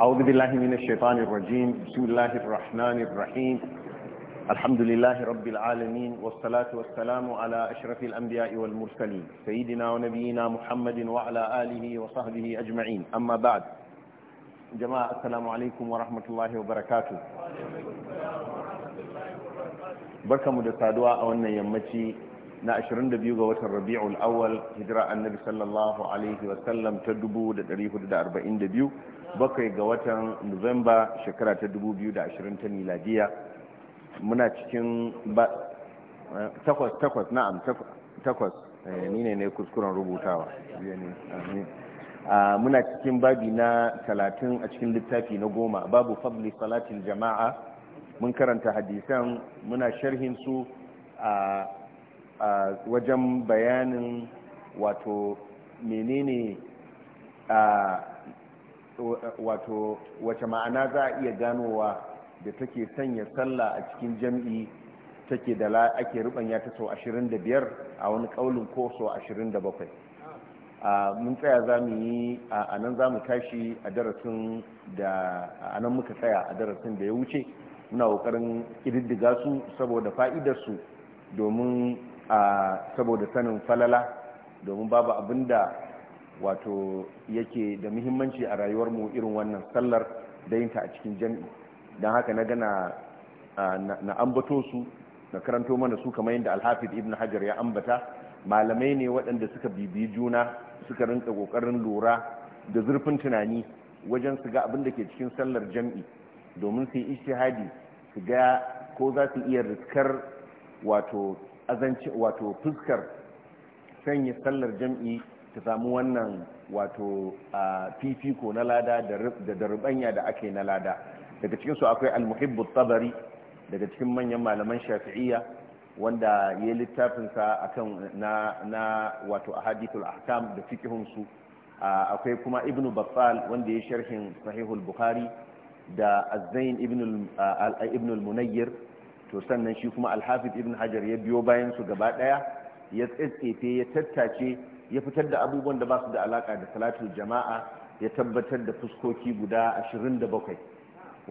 أعوذ بالله من الشيطان الرجيم بسم الله الرحمن الرحيم الحمد لله رب العالمين والصلاة والسلام على أشرف الأنبياء والمرسلين سيدنا ونبينا محمد وعلى آله وصحبه أجمعين أما بعد جماعة السلام عليكم ورحمة الله وبركاته بركة مدسادوا أولنا يمتي na 22 ga watan rabi'ul awwal hijira annabi sallallahu alaihi wasallam ta 1442 bakwai ga watan nuwamba shekara ta 2020 ta miladiya muna cikin ba takwas takwas na'am takwas eh, ni ne ne kuskuren rubutawa ah, muna cikin babi na 30 a cikin littafi na goma babu fadli salatin jama'a mun karanta hadisan muna sharhin su a ah, a wajen bayanin wato menene a wato wace ma'ana za a iya ganowa da take sanya sallah a cikin jam'i take da ake rubanya ta sau biyar a wani kaulin ko sau 27 mun tsaya za mu yi a nan za mu tashi a darasin da a nan muka tsaya a darasin da ya wuce muna kokarin kididdiga su saboda fa'idarsu domin a saboda sanin falala domin babu abin da wato yake da muhimmanci a rayuwarmu irin wannan sallar da a cikin jam'i don haka na gana na ambato su na karanto mana su kamar yadda alhafiz ibn hajar ya ambata malamai ne waɗanda suka bibiyi juna suka rinka ƙoƙarin lura da zurfin tunani wajen su ga abin da ke cikin sallar jam'i domin su yi ishtihadi su ga ko za su iya riskar wato azanci wato fuskar sanya sallar jam'i ta samu wannan wato fifiko na lada da darbanya da ake na lada daga cikinsu akwai almuhibbu tabari daga cikin manyan malaman shafi'iyya wanda ya littafinsa akan na na wato ahadithul ahkam da fikihunsu akwai kuma Ibn battal wanda ya sharhin sahihul bukhari da azzain ibn al-munayyir to sannan shi kuma alhafiz ibn hajar ya biyo bayan su gaba daya ya tsetsefe ya tattace ya fitar da abubuwan da ba su da alaka da salatul jama'a ya tabbatar da fuskoki guda 27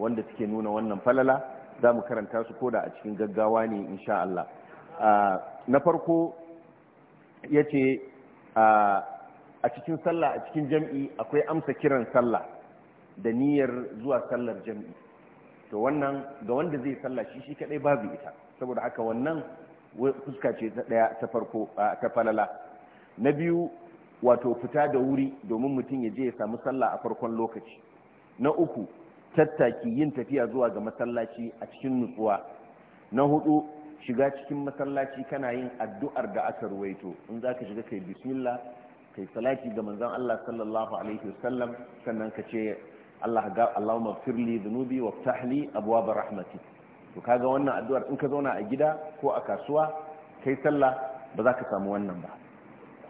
wanda suke nuna wannan falala za mu karanta su koda a cikin gaggawa ne insha Allah na farko ya ce a cikin sallah a cikin jam'i akwai amsa kiran sallah da niyyar zuwa sallar jam'i to wannan ga wanda zai sallaci shi shi kadai babu ita saboda haka wannan fuska ce ta daya ta farko ta falala na biyu wato fita da wuri domin mutum ya je ya samu sallah a farkon lokaci na uku tattaki yin tafiya zuwa ga masallaci a cikin nutsuwa na hudu shiga cikin masallaci kana yin addu'ar da aka ruwaito in za ka shiga kai bismillah kai salati ga manzon Allah sallallahu alaihi wasallam sannan ka ce Allah ga Allahumma firli dhunubi wa ftahli abwaba rahmati to kaga wannan addu'ar in ka zauna a gida ko a kasuwa kai sallah ba za ka samu wannan ba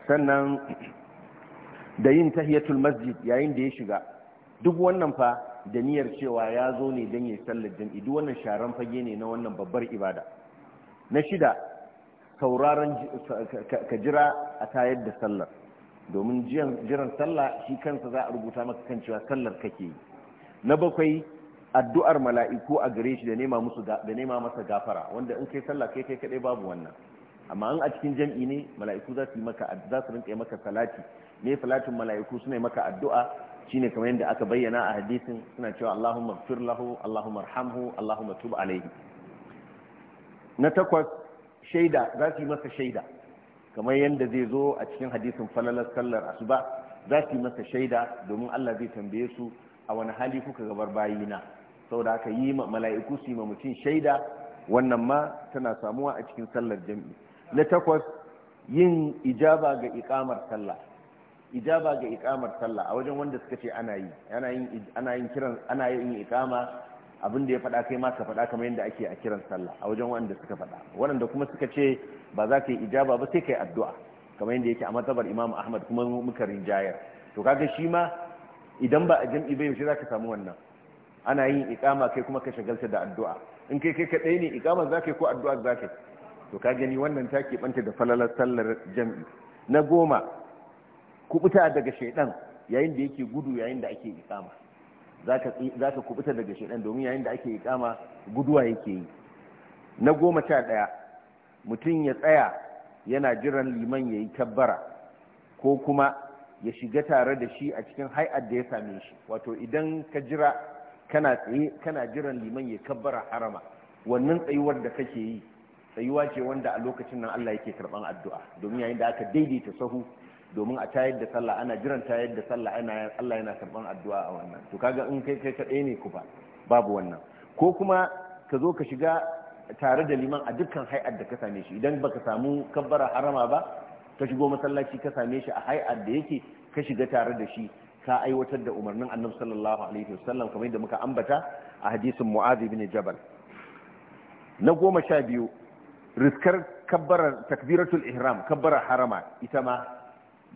sannan da yin tahiyatul masjid yayin da ya shiga duk wannan fa da niyyar cewa ya zo ne don ya sallar jam'i duk wannan sharan fage ne na wannan babbar ibada na shida sauraron ka jira a tayar da sallar domin jiran sallah shi kansa za a rubuta maka kan cewa sallar kake yi na bakwai addu'ar mala'iku a gare shi da nema musu da nema masa gafara wanda in kai sallah kai kai kade babu wannan amma an a cikin jami'i ne mala'iku za su yi maka za su rinka maka salati ne salatin mala'iku suna yi maka addu'a shine kamar yadda aka bayyana a hadisin suna cewa Allahumma ighfir lahu Allahumma arhamhu Allahumma tub alayhi na takwas shaida za su yi masa shaida kamar yadda zai zo a cikin hadisin falalar sallar asuba za su yi masa shaida domin Allah zai tambaye su a wani hali kuka gabar bayina saboda aka yi mala'iku su yi ma mutum shaida wannan ma tana samuwa a cikin sallar jam'i na takwas yin ijaba ga ikamar sallah ijaba ga ikamar sallah a wajen wanda suka ce ana yi ana yin ikama abin da ya faɗa kai ma ka faɗa kamar yadda ake a kiran sallah a wajen waɗanda suka fada waɗanda kuma suka ce ba za ka yi ijaba ba sai ka yi addu'a kamar yadda yake a matsabar imam ahmad kuma muka rinjayar to kaga shi ma idan ba a jam'i ba yaushe za ka samu wannan ana yin iqama kai kuma ka shagalta da addu'a in kai kai kaɗai ne ikama za ka yi ko addu'a za ka yi to ka gani wannan ta banta da falalar sallar jam'i na goma kubuta daga shaidan yayin da yake gudu yayin da ake ikama za ka kubuta daga shaidan domin yayin da ake kama guduwa yake yi na goma sha ɗaya mutum ya tsaya yana jiran liman ya yi tabbara ko kuma ya shiga tare da shi a cikin hai'ar da ya same shi wato idan ka jira kana tsaye kana jiran liman ya kabbara harama wannan tsayuwar da kake yi tsayuwa ce wanda a lokacin nan Allah yake karban addu'a domin yayin da aka daidaita sahu domin a tayar da sallah ana jiran tayar da sallah ana Allah yana karban addu'a a wannan to kaga in kai kai kaɗai ne ku ba babu wannan ko kuma ka zo ka shiga tare da liman a dukkan hay'ar da ka same shi idan baka samu kabbara harama ba ka shigo masallaci ka same shi a hay'ar da yake ka shiga tare da shi ka aiwatar da umarnin annabi sallallahu alaihi wasallam kamar yadda muka ambata a hadisin mu'adh ibn jabal na goma sha biyu riskar kabbarar takbiratul ihram kabbarar harama ita ma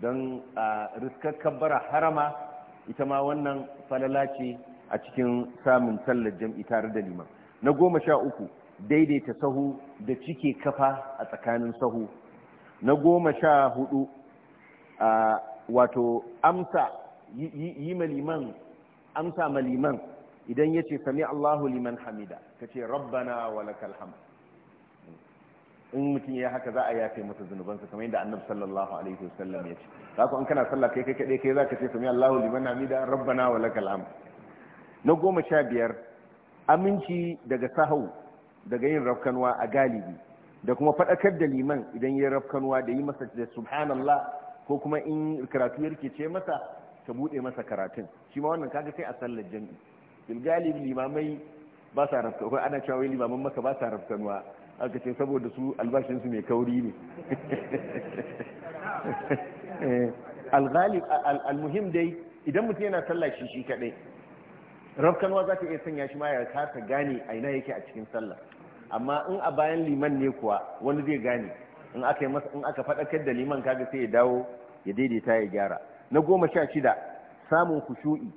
don a riskar kabbara harama ita ma wannan falala ce a cikin samun sallar jam'i tare da liman na goma sha uku daidaita sahu da cike kafa a tsakanin sahu na goma sha hudu wato amsa yi maliman amsa maliman idan ya ce sami allahu liman hamida ka ce rabbana wa lakal hamd in mutum ya haka za a yafe masa zunubansa kamar yadda annabi sallallahu alaihi wasallam ya ce Za ku an kana sallah kai kai kadai kai ka ce sami Allahu liman hamida rabbana wa lakal hamd na goma sha biyar aminci daga sahau daga yin rafkanwa a galibi da kuma fadakar da liman idan ya rafkanwa da yi masa da subhanallah ko kuma in karatu rike ce masa ka bude masa karatun shi ma wannan kaga sai a sallar jami'i bil galibi limamai ba sa rafkanwa ana cewa wai limaman maka ba sa rafkanwa aka ce saboda su albashinsu mai kauri ne eh, almuhim dai idan mutum yana sallah shi shi kadai rafkanwa za ta iya sanya shi ma ya kasa gane a ina yake a cikin sallah amma in a bayan liman ne kuwa wani zai gane in aka in aka faɗakar da liman kaga sai ya dawo ya daidaita ya gyara na goma sha shida samun kushu'i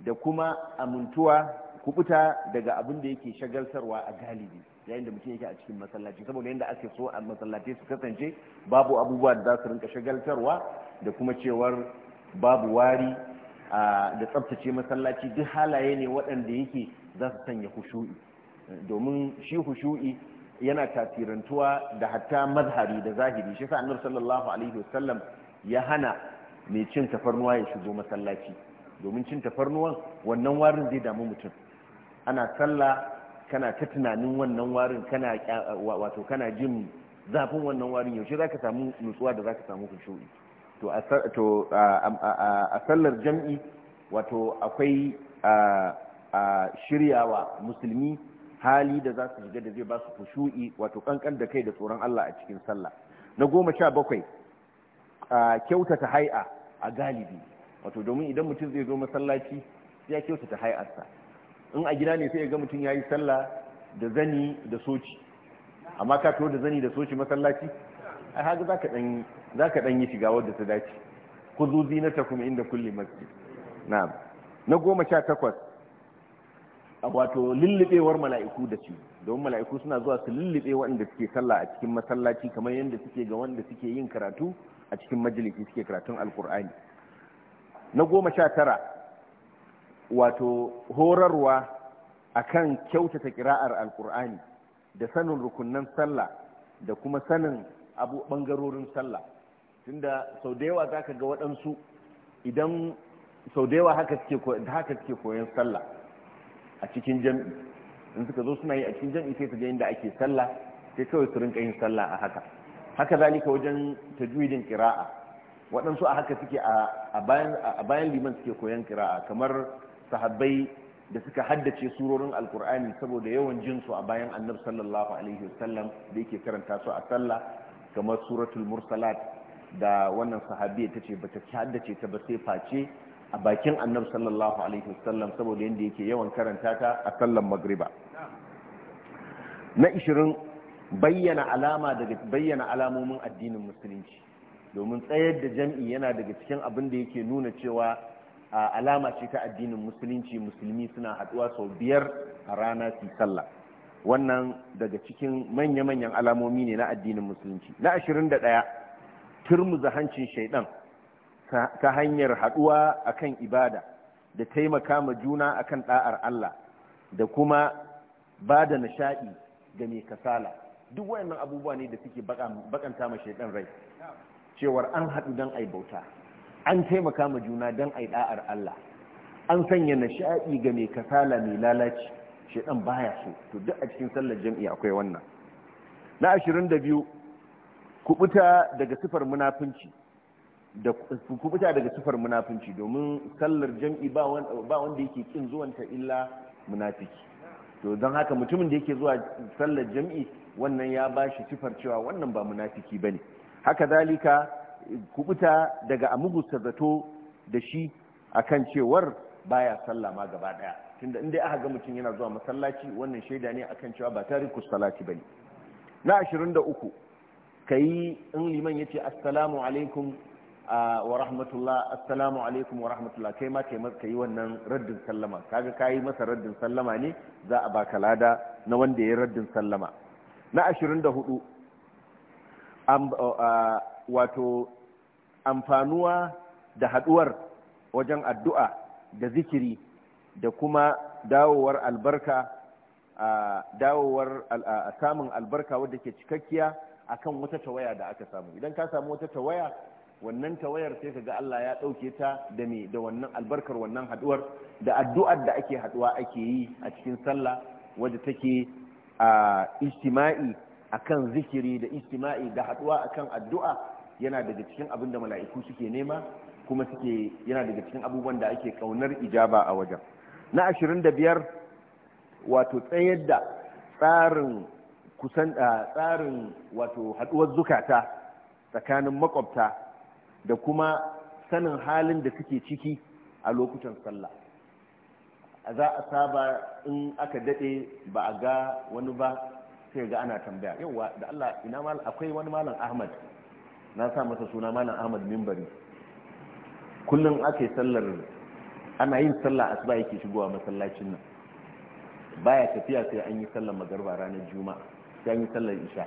da kuma amintuwa kubuta daga abin da yake shagaltarwa a galibi yayin da mutum yake a cikin masallaci saboda yadda ake so a masallaci su kasance babu abubuwa da za su rinka shagaltarwa da kuma cewar babu wari da tsabtace masallaci duk halaye ne waɗanda yake za su sanya hushu'i domin shi hushu'i yana tasirantuwa da hatta mazhari da zahiri shi sa annabi sallallahu alaihi wasallam ya hana mai cin tafarnuwa ya shigo masallaci domin cin tafarnuwan wannan warin zai damu mutum ana sallah kana ta tunanin wannan warin kana wato kana jin zafin wannan warin yaushe zaka samu nutsuwa da zaka samu kushuri to to a sallar jam'i wato akwai shiryawa musulmi hali da za su shiga da zai ba su kushu'i wato kankan da kai da tsoron Allah a cikin sallah na goma sha bakwai a kyautata hai'a a galibi wato domin idan mutum zai zo masallaci ya kyautata hai'arsa in a gida ne sai ya ga mutum ya yi sallah da zani da soci amma ka to da zani da soci masallaci A haka za ka ɗan za ka ɗan yi shiga wadda ta dace ku zo zinata kuma inda kulle masjid na na goma sha takwas a wato lullubewar mala'iku da su domin mala'iku suna zuwa su lullube waɗanda suke sallah a cikin masallaci kamar yadda suke ga wanda suke yin karatu a cikin majalisi suke karatun alkur'ani na goma sha tara wato horarwa akan kyautata kira'ar alkur'ani da sanin rukunnan sallah da kuma sanin abu bangarorin sallah tunda sau da yawa zaka ga waɗansu idan sau da yawa haka suke koyon sallah a cikin jam'i in suka zo suna yi a cikin jam'i sai su ga inda ake sallah sai kawai su rinka yin sallah a haka haka zalika wajen tajwidin kira'a waɗansu a haka suke a bayan liman suke koyon kira'a kamar sahabbai da suka haddace surorin alkur'ani saboda yawan jinsu a bayan annab sallallahu alaihi wasallam da yake karanta su a sallah kamar suratul mursalat da wannan sahabiya ta ce bata haddace ta ba sai face a bakin annabi sallallahu alaihi wasallam saboda yadda yake yawan karanta ta a sallan magriba na 20 bayyana alama daga bayyana alamomin addinin musulunci domin tsayar da jam'i yana daga cikin abin da yake nuna cewa alama ce ta addinin musulunci musulmi suna haɗuwa sau biyar a rana su sallah wannan daga cikin manya-manyan alamomi ne na addinin musulunci na ashirin da ɗaya, turmuza hancin shaidan ta hanyar haɗuwa akan ibada da taimaka ma juna akan ɗa'ar Allah da kuma ba da nishaɗi ga mai kasala duk wayannan abubuwa ne da suke bakanta ma shaidan rai cewar an haɗu don ai bauta an taimaka ma juna don yi da'ar Allah an sanya nishaɗi ga mai kasala mai lalaci ɗan baya su to duk a cikin sallar jam'i akwai wannan na ashirin kubuta daga sifar munafunci kubuta daga sifar munafunci domin sallar jam'i ba wanda yake kin zuwanta illa munafiki to don haka mutumin da yake zuwa sallar jam'i wannan ya ba shi sifar cewa wannan ba munafiki ne, haka zalika kubuta daga amugu zato da shi akan cewar baya sallah ma gaba daya tunda inda aka ga mutum yana zuwa masallaci wannan shaida ne akan cewa ba tariku salati bane na 23 kayi in liman yace assalamu alaikum wa rahmatullah assalamu alaikum wa rahmatullah kai ma kai masa kai wannan raddin sallama kaga kayi masa raddin sallama ne za a baka lada na wanda ya raddin sallama na 24 wato amfanuwa da haɗuwar wajen addu'a da zikiri da kuma dawowar albarka a dawowar samun albarka wadda ke cikakkiya kan wata tawaya da aka samu idan ka samu wata tawaya wannan tawayar sai ga Allah ya ɗauke ta da me da wannan albarkar wannan haɗuwar da addu'ar da ake haɗuwa ake yi a cikin sallah wadda take a ijtima'i akan zikiri da istima'i da haduwa akan addu'a yana daga cikin abin da mala'iku suke nema kuma suke yana daga cikin abubuwan da ake kaunar ijaba a wajen na 25 wato tsayar da tsarin kusan tsarin wato haduwar zukata tsakanin makwabta da kuma sanin halin da suke ciki a lokutan sallah za a saba in aka dade ba a ga wani ba sai ga ana tambaya yauwa da Allah ina mal akwai wani malam Ahmad na sa masa suna malam Ahmad Mimbari kullum aka sallar ana yin sallah asuba yake shigowa masallacin nan baya tafiya sai an yi sallar magarba ranar juma'a sai an yi sallar isha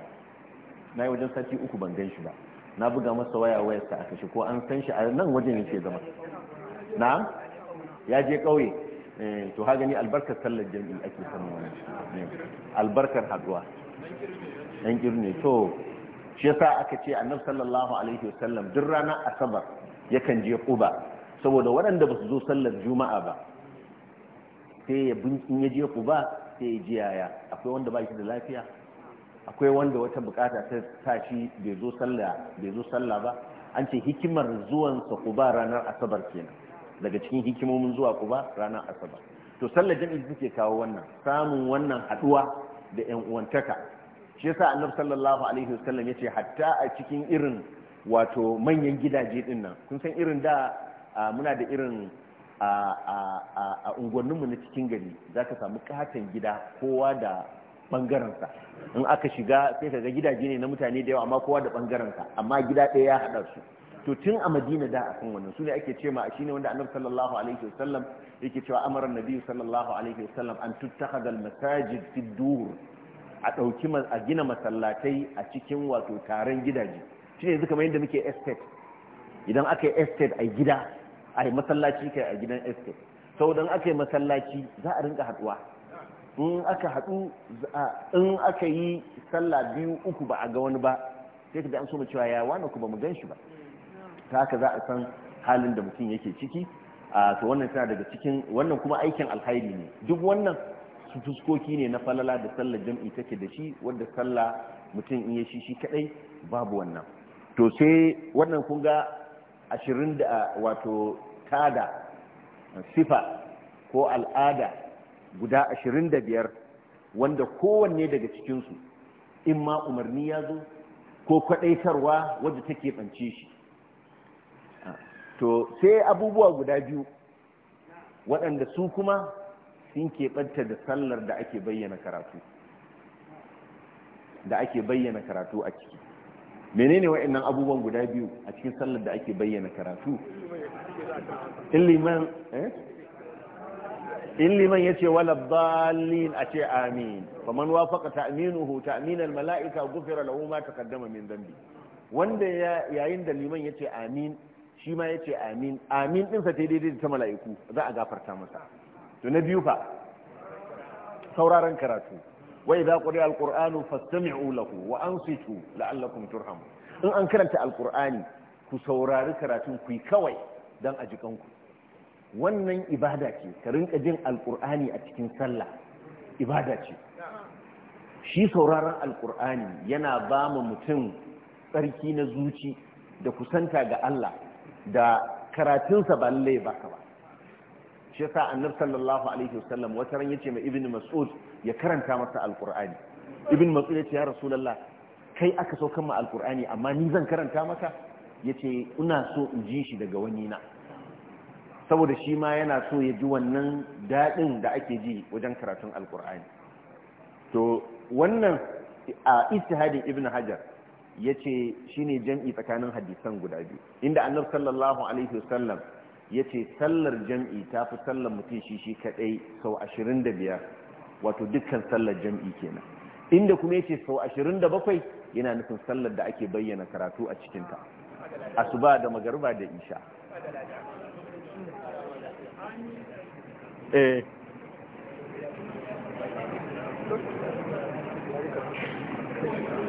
na yi wajen sati uku ban gan shi ba na buga masa waya sa a kashe ko an san shi a nan wajen yake zama na ya je kauye. Eh, to ha albarkar sallar jami'i ake samun wani eh, albarkar haduwa ɗan girne to shi yasa aka ce annabi sallallahu alaihi wasallam duk ranar asabar yakan je quba saboda waɗanda ba su zo sallar juma'a ba sai ya in ya je sai ya ji yaya akwai wanda ba shi da lafiya akwai wanda wata bukata ta tashi bai zo sallah ba an ce hikimar zuwan sa quba ranar asabar kenan daga cikin hikimomin zuwa kuba ranar asabar to sallar jami'i take kawo wannan samun wannan haduwa da yan uwantaka shi yasa annabi sallallahu alaihi wasallam yace hatta a cikin irin wato manyan gidaje din nan kun san irin da muna da irin a unguwanninmu na cikin gari zaka samu katon gida kowa da sa. in aka shiga sai ka ga gidaje ne na mutane da yawa amma kowa da sa. amma gida ɗaya ya haɗa su to tun a madina da kan wannan su ne ake ce ma shine wanda annabi sallallahu alaihi wasallam yake cewa amara nabi sallallahu alaihi wasallam an al masajid fi dur a dauki a gina masallatai a cikin wato taron gidaje shine ne kamar yadda muke estate idan aka yi estate a gida a yi masallaci kai a gidan estate sau don aka yi masallaci za a rinka haduwa in aka hadu in aka yi sallah biyu uku ba a ga wani ba sai ka da an so mu cewa ya wani ku ba mu gan shi ba ta haka za a san halin da mutum yake ciki a to wannan tana daga cikin wannan kuma aikin alhairi ne duk wannan su fuskoki ne na falala da sallar jam'i take da shi wadda sallah mutum in ya shi shi kadai babu wannan to sai wannan kun ga ashirin da wato tada sifa ko al'ada guda ashirin da biyar wanda kowanne daga cikinsu in ma umarni ya zo ko kwaɗaitarwa wadda take ɓance shi to sai abubuwa guda biyu waɗanda su kuma sun keɓanta da sallar da ake bayyana karatu da ake bayyana karatu a ciki menene waɗannan abubuwan guda biyu a cikin sallar da ake bayyana karatu in liman eh? ya ce wala balin a ce amin faman wafaka ta'minuhu ta'minal mala'ika gufira lahu ma taqaddama min dhanbi wanda yayin da liman ya ce amin shi ma ya ce amin amin ɗinsa ta daidai da ta mala'iku za a gafarta masa to na biyu fa sauraron karatu wai za ƙuri alƙur'anu fastami'u lahu wa an situ la'allakum turhamu in an karanta alƙur'ani ku saurari karatun ku yi kawai don a jikanku wannan ibada ce ka rinka jin alƙur'ani a cikin sallah ibada ce shi sauraron alƙur'ani yana ba mu mutum tsarki na zuci da kusanta ga Allah da karatunsa ba lallai ba ka ba shi yasa annab sallallahu alaihi wasallam wata ran yace ma Ibn mas'ud ya karanta masa alqur'ani Ibn mas'ud yace ya rasulullah kai aka so kan ma alqur'ani amma ni zan karanta maka yace ina so in ji shi daga wani na saboda shi ma yana so ya ji wannan dadin da ake ji wajen karatun alqur'ani to wannan a ijtihadin ibnu hajar yace shine jam'i tsakanin hadisan guda biyu inda annabi sallallahu alaihi wasallam yace sallar jam'i ta fi sallar mutum shi shi kadai sau 25 wato dukkan sallar jam'i kenan inda kuma yace sau ashirin da bakwai yana nufin sallar da ake bayyana karatu a cikin ta asuba da magariba da isha eh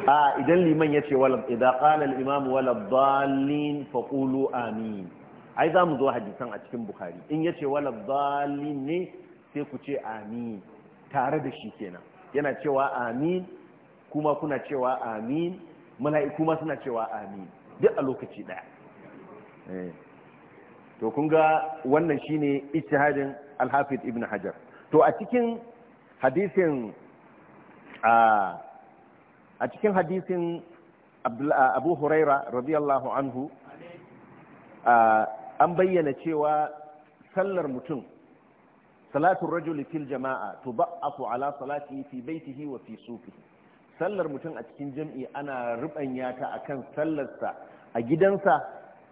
a idan liman ya ce idan ƙalar imam walab dalin faƙulu amin ai za mu zo hadisan a cikin bukari in ya ce walab dalin ne sai ku ce amin tare da shi kenan yana cewa amin kuma kuna cewa amin mala’i kuma suna cewa amin duk a lokaci ɗaya eh. to kun ga wannan shine ne al Alhafi ibn hajar to a cikin hadisin a cikin hadisin abu huraira radiyallahu anhu an bayyana cewa sallar mutum salatun rajuli fil jama'a tubaqqatu ala salatihi fi baitihi wa fi sufihi sallar mutum a cikin jam'i ana rubanya ta akan sallarsa a gidansa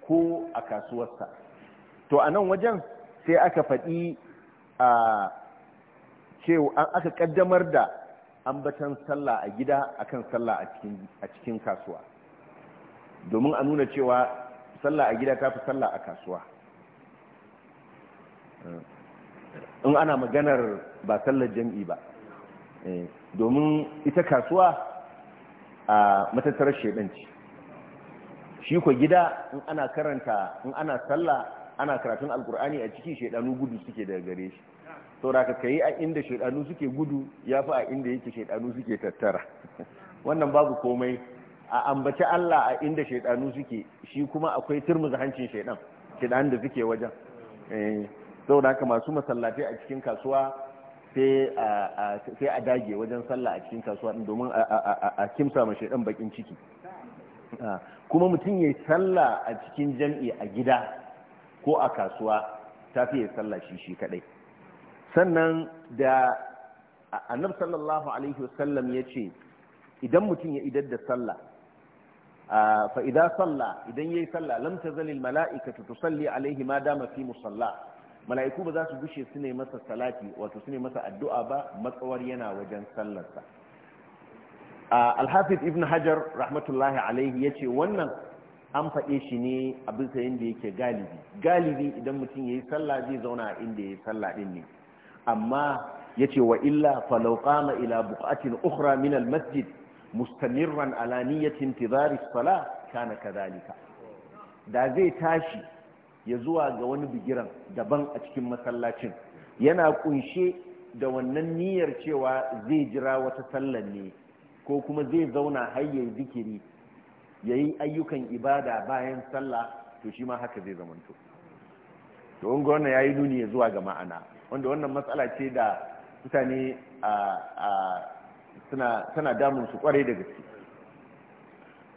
ko a kasuwarsa to a nan wajen sai aka faɗi a cewa aka kaddamar da ambatan sallah a gida akan sallah a cikin kasuwa domin a nuna cewa sallah a gida tafi fi sallah a kasuwa eh, in ana maganar ba sallar jami'i ba eh, domin ita kasuwa a matattarar shaidanci shi ko gida in ana karanta in ana sallah ana karatun alkur'ani a ciki shaidanu gudu suke daga gare shi saura ka yi a inda shaidanu suke gudu ya fi a inda yake shaidanu suke tattara wannan babu komai a ambaci Allah a inda shaidanu suke shi kuma akwai turmuzi hancin shaidan shaidan da suke wajen eh, sauraka masu masallatai a cikin kasuwa sai a dage wajen sallah a cikin kasuwa domin a kimsa ma shaidan bakin ciki ah, kuma mutum ya yi sallah a cikin jam'i a gida ko a kasuwa ta fiye sallah shi shi kadai sannan da annab sallallahu alaihi wasallam ya ce idan mutum ya idar da sallah fa idza salla idan yayi sallah lam tazalil mala'ikatu tusalli alaihi ma dama fi musalla mala'iku ba za su gushe su ne masa salati wato su ne masa addu'a ba matsawar yana wajen sallarsa alhafiz ibn hajar rahmatullahi alaihi ya ce wannan an faɗe shi ne abin bisa da yake galibi galibi idan mutum ya yi sallah zai zauna a inda ya yi sallah ɗin ne amma ya ce wa illa falauka ma ila buƙatin ukhra minal masjid mustamirran ala tizaris intizari as-salah kana da zai tashi ya zuwa ga wani bigiran daban a cikin masallacin yana kunshe da wannan niyyar cewa zai jira wata sallar ne ko kuma zai zauna har zikiri ya yi ayyukan ibada bayan sallah to shi ma haka zai zamanto to ungo wannan yi nuni ya zuwa ga ma'ana wanda wannan matsala ce da mutane tana damun su kwarai da gaske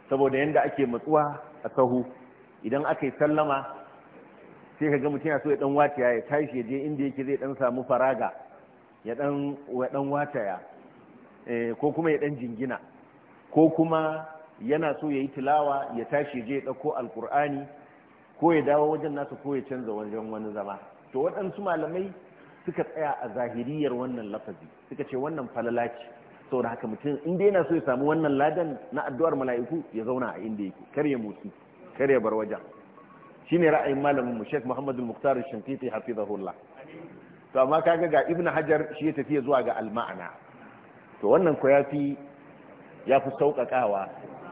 saboda yadda ake matsuwa a sahu idan aka yi sallama sai ka ga mutum ya so ya dan wataya ya tashi ya je inda yake zai dan samu faraga ya dan wataya eh, ko kuma ya dan jingina ko kuma yana so ya yi tilawa ya tashi ya je ya ɗauko alkur'ani ko ya dawo wajen nasa ko ya canza wajen wani zama to waɗansu malamai suka tsaya a zahiriyar wannan lafazi suka ce wannan falala ce da haka mutum inda yana so ya samu wannan ladan na addu'ar mala'iku ya zauna a inda yake kar ya motsi kar ya bar wajen shine ra'ayin malamin mu Sheikh muhammadu muktarar muqtar hafi da hafizahullah to amma kaga ga Ibn Hajar shi ya tafiya zuwa ga alma'ana to wannan ko ya fi sauƙaƙawa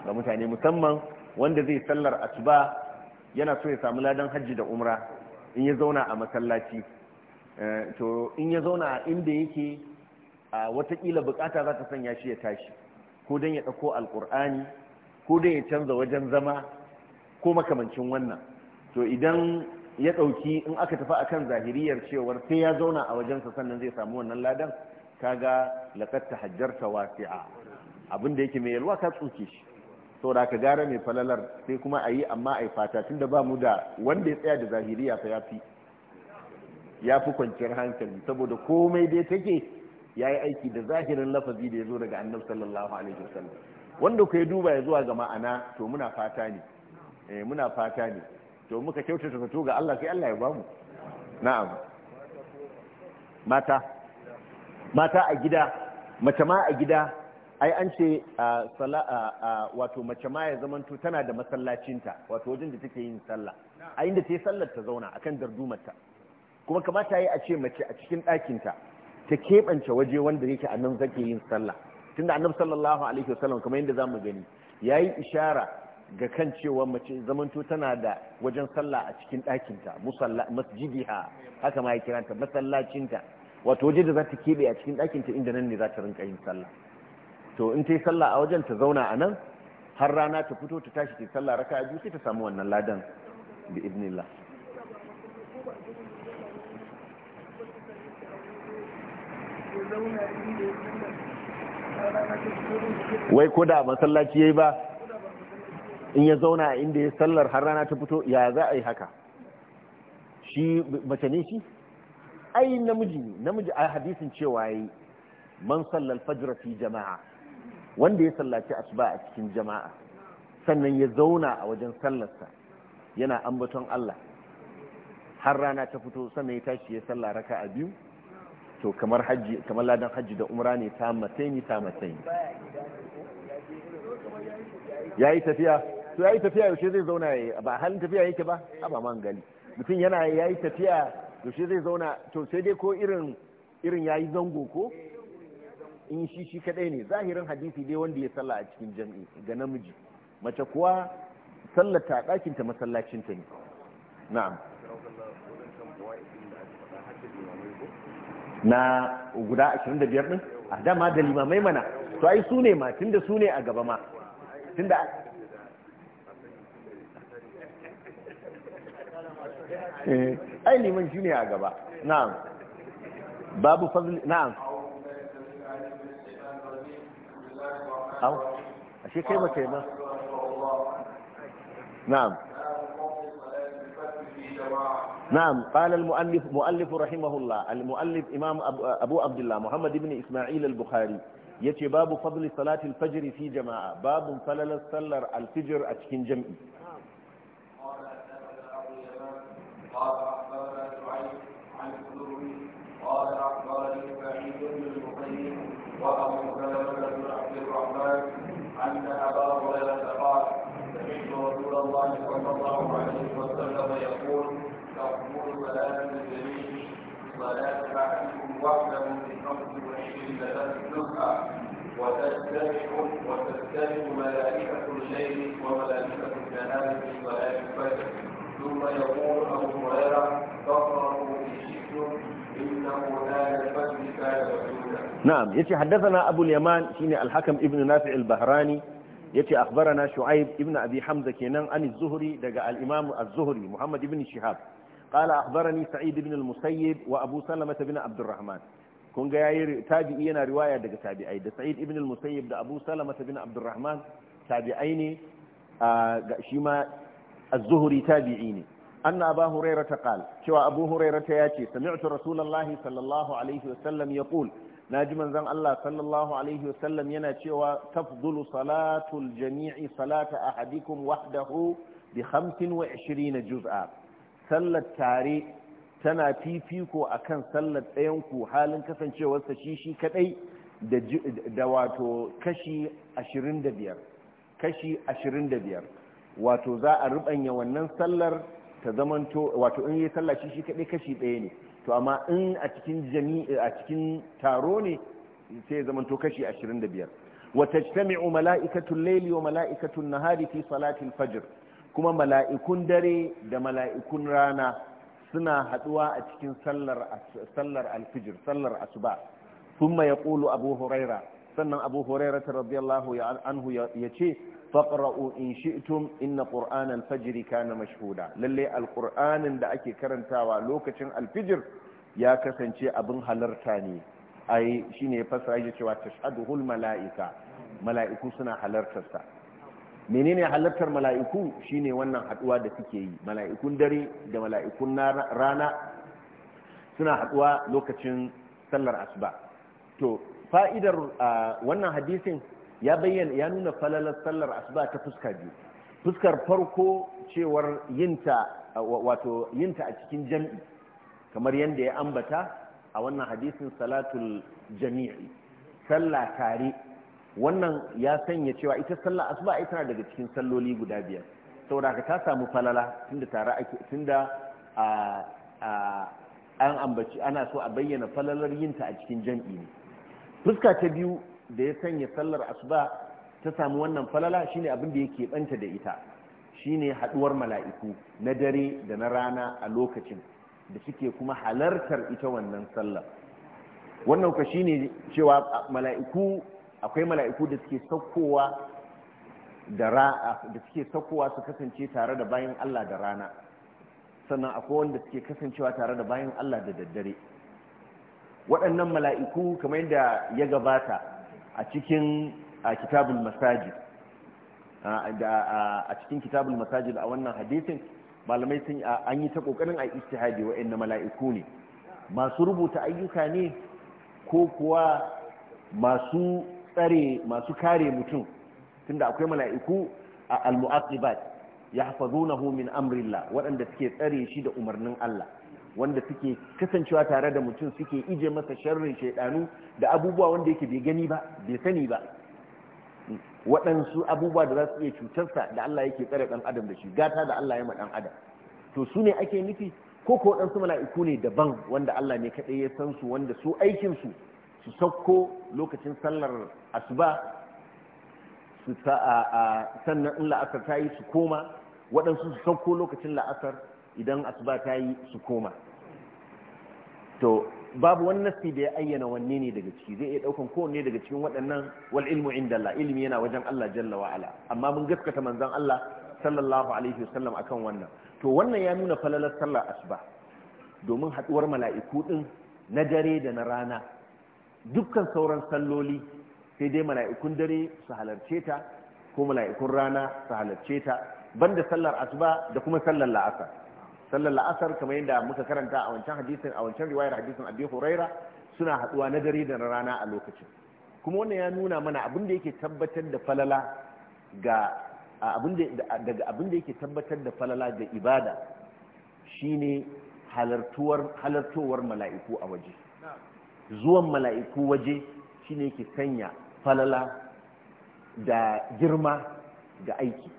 ga mutane musamman wanda zai sallar asuba yana so ya samu ladan hajji da umra in ya zauna a masallaci Eh, to in ya zauna inda yake a watakila bukata za ta sanya shi ya tashi ko don ya ɗauko alkur'ani ko don ya canza wajen zama ko makamancin wannan to idan ya ɗauki in aka tafi a kan zahiriyar cewar sai ya zauna a wajensa sannan zai samu wannan ladan ka ga kaga ta hajjarta wasi'a abin da yake mai yalwa ka tsuke shi da ka gara mai falalar sai kuma a yi amma a yi fata tunda ba mu da wanda ya tsaya da zahiriya ya yafi ya fi kwanciyar hankali saboda komai dai take ya yi aiki da zahirin lafazi da ya zo daga annabi sallallahu alaihi wasallam wanda ku ya duba ya zuwa ga ma'ana to muna fata ne eh muna fata ne to muka kyautata fito ga Allah sai Allah ya mu. na'am mata mata a gida mace ma a gida ai an ce wato mace ma ya zamanto tana da masallacinta wato wajen da take yin sallah a inda ta yi sallar ta zauna akan dardumarta kuma kamata yi a ce mace a cikin ɗakinta ta keɓance waje wanda yake a nan zake yin sallah tunda annabi sallallahu alaihi wasallam kamar yadda zamu gani ya yi ishara ga kan cewa mace zamanto tana da wajen sallah a cikin ɗakinta masjidiha haka ma ya kiranta masallacinta wato waje da za ta keɓe a cikin ɗakinta inda nan ne za ta rinka yin sallah to in ta yi sallah a wajen ta zauna a nan har rana ta fito ta tashi ta sallah raka biyu sai ta samu wannan ladan bi idnillah wai ko da masallaci yayi ba in ya zauna inda ya sallar har rana ta fito ya za a yi haka shi mace ne shi ai namiji namiji a hadisin cewa yi man sallal fajr fi jama'a wanda ya sallaci asuba a cikin jama'a sannan ya zauna a wajen sallarsa yana ambaton Allah har rana ta fito sannan ya tashi ya salla raka'a biyu to kamar hajji kamar ladan hajji da umra ne ta matsayi ta matsayi ya yi tafiya to ya yi tafiya yaushe zai zauna ya ba halin tafiya yake ba a ba man gali mutum yana ya yi tafiya yaushe zai zauna to sai dai ko irin irin ya yi zango ko in shi shi kadai ne zahirin hadisi dai wanda ya salla a cikin jami'i ga namiji mace kuwa sallata a ɗakinta masallacinta ne na'am na guda 25 din a dama da limamai mana to ai su ne ma da su ne a gaba ma tunda eh, ai liman shi ne a gaba na'am babu fadli na'am a ashe kai ba kai ba na'am نعم قال المؤلف مؤلف رحمه الله المؤلف إمام أبو عبد الله محمد بن إسماعيل البخاري يتي باب فضل صلاة الفجر في جماعة باب فلل الصلر الفجر أتكين جمعي yace haddathana abu al-yaman shine al alhakam ibn nafi' al-bahrani yace akhbarana shu'aib ibn abi hamza kenan an az-zuhri daga al-imam az-zuhri muhammad ibn shihab qala akhbarani sa'id ibn al-musayyib wa abu salama ibn abd al-rahman kun ga yayi tabi'i yana riwaya daga tabi'ai da sa'id ibn al-musayyib da abu salama ibn abd al-rahman tabi'ai ne shi ma az-zuhri tabi'i ne أن أبا هريرة قال cewa أبو هريرة yace سمعت رسول الله صلى wa عليه وسلم na ji manzon Allah sallallahu alaihi wasallam yana cewa tafdulu salatul jami'i salata ahadikum wahdahu bi 25 juz'a sallar tare tana fifiko akan sallar ɗayan ku halin kasancewarsa shi shi kadai da wato kashi 25 kashi biyar wato za a rubanya wannan sallar ta zamanto wato in yi sallar shi shi kadai kashi ɗaya ne to amma in a cikin jami'i a cikin taro ne sai zaman to kashi 25 wa tajtami'u mala'ikatul layli wa mala'ikatun nahari fi salatil fajr kuma mala'ikun dare da mala'ikun rana suna haduwa a cikin sallar sallar alfijir sallar asuba thumma yaqulu abu huraira sannan abu huraira radiyallahu anhu yace faqra'u in shi'tum inna qur'ana al-fajr kana mashhuda lalle alqur'anin da ake karantawa lokacin alfijir ya kasance abin halarta ne ai shine fasara yake cewa tashhaduhul mala'ika mala'iku suna halartar sa menene halartar mala'iku shine wannan haduwa da suke yi mala'ikun dare da mala'ikun rana suna haduwa lokacin sallar asuba to fa'idar wannan hadisin ya bayyana ya nuna falalar sallar asuba ta fuska biyu fuskar farko cewar yinta wato yinta a cikin jam'i kamar yadda ya ambata a wannan hadisin salatul jami'i sallah tare wannan ya sanya cewa ita sallar asuba ita tana daga cikin salloli guda biyar saboda ka ta samu falala tunda tare ake tunda a an ambaci ana so a bayyana falalar yinta a cikin jam'i ne fuska ta biyu da ya sanya sallar asuba ta sami wannan falala shine abin da yake keɓanta da ita shine haɗuwar mala'iku na dare da na rana a lokacin da suke kuma halartar ita wannan sallar wannan ka shine cewa mala'iku akwai mala'iku da suke saukowa da da suke saukowa su kasance tare da bayan Allah da rana sannan akwai wanda suke kasancewa tare da bayan Allah da daddare waɗannan mala'iku kamar yadda ya gabata a cikin kitabul masajid a cikin kitabul masajid a wannan hadisin malamai sun an yi ta kokarin a istihadi wa'annan mala'iku ne masu rubuta ayyuka ne ko kuwa masu tsare masu kare mutum tunda akwai mala'iku a al-mu'aqibat yahfazunahu min amrillah waɗanda suke tsare shi da umarnin Allah wanda suke kasancewa tare da mutum suke ije masa sharrin shaidanu da abubuwa wanda yake bai gani ba bai sani ba waɗansu abubuwa da za su iya cutarsa da Allah yake tsare ɗan adam da shi gata da Allah ya ma ɗan adam to su ne ake nufi ko ko waɗansu mala'iku ne daban wanda Allah ne kaɗai ya san su wanda su aikin su sauko lokacin sallar asuba su sannan in la'asar ta yi su koma waɗansu su sauko lokacin la'asar idan asuba ta yi su koma to babu wani nasi da ya ayyana wanne ne daga ciki zai iya daukan kowanne daga cikin waɗannan wal ilmu inda Allah ilimi yana wajen Allah jalla wa ala amma mun gaskata manzon Allah sallallahu alaihi wasallam akan wannan to wannan ya nuna falalar sallar asuba domin haduwar mala'iku din na dare da na rana dukkan sauran salloli sai dai mala'ikun dare su halarce ta ko mala'ikun rana su halarce ta banda sallar asuba da kuma sallar la'asar sallar la'asar kamar yadda muka karanta a wancan hadisin a wancan riwayar hadisin abi huraira suna haduwa na dare da rana a lokacin kuma wannan ya nuna mana abin yake tabbatar da falala ga daga abin da yake tabbatar da falala ga ibada shine halartuwar halartowar mala'iku a waje zuwan mala'iku waje shine yake sanya falala da girma ga aiki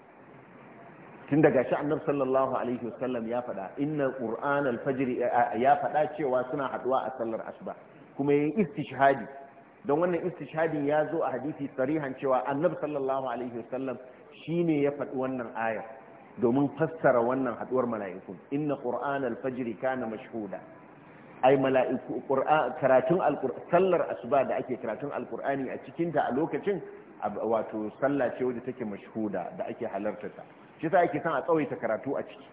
tun daga shi annabi sallallahu alaihi wasallam ya fada inna qur'an al eh, eh, ya fada cewa suna haduwa a sallar asuba kuma yayin istishhadi don wannan istishhadin ya zo a hadisi sarihan cewa annab sallallahu alaihi wasallam shine ya faɗi wannan ayar domin fassara wannan haduwar mala'iku inna qur'an al-fajr kana mashhuda ai mala'iku karatun sallar asuba da ake karatun al a cikinta a lokacin wato sallah ce wadda take mashhuda da ake halartarta. shi sa ake son a tsawaita karatu a ciki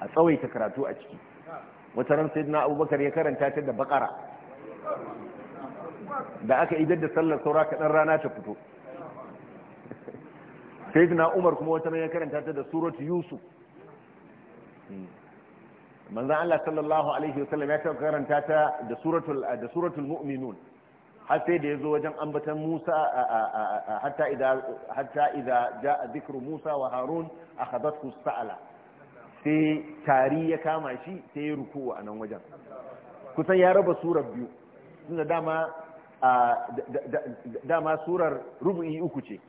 a tsawaita karatu a ciki wata ran sayyidina abubakar ya karanta ta da bakara da aka idar da sallar saura kaɗan rana ta fito sayyidina umar kuma wata ran ya karanta ta da surat yusuf hmm. manzan allah sallallahu alaihi wasallam ya karanta ta da suratul mu'minun har sai da ya zo wajen ambatan Musa hatta idza hatta jaa Musa wa Harun a akhadathu sa'ala sai tari ya kama shi sai ya ruku a nan wajen kusan ya raba surar biyu tunda dama dama surar rubu'i uku ce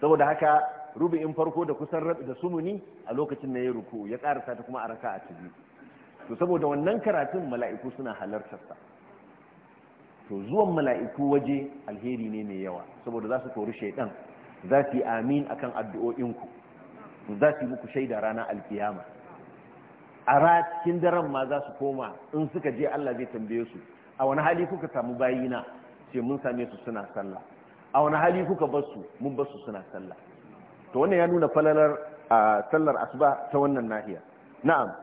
saboda haka rubu'in farko da kusan da sumuni a lokacin da ya ruku ya karasa ta kuma a raka a to saboda wannan karatun mala'iku suna halartarsa to zuwan mala'iku waje alheri ne mai yawa saboda za su kori shaidan za su yi amin akan addu'o'inku za su yi muku shaida rana alkiyama a cikin daren ma za su koma in suka je Allah zai tambaye su a wani hali kuka samu bayina ce mun same su suna sallah a wani hali kuka basu mun basu suna sallah to wannan ya nuna falalar sallar asuba ta wannan nahiya na'am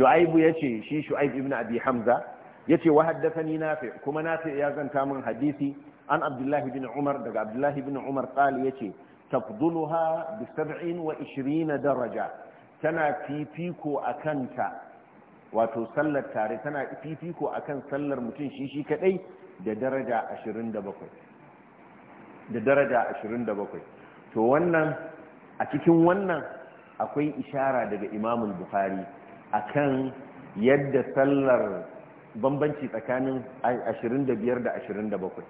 shu'aibu yace shi shu'aib ibn abi hamza yace wa haddathani nafi kuma nafi ya zanta min hadisi an abdullahi bin umar daga abdullahi bin umar qali yace tafduluha bi 27 daraja tana fifiko akanta wato sallar tare tana fifiko akan sallar mutum shi shi kadai da daraja 27 da daraja 27 to wannan a cikin wannan akwai ishara daga imamul bukhari akan yadda sallar bambanci tsakanin 25 da 27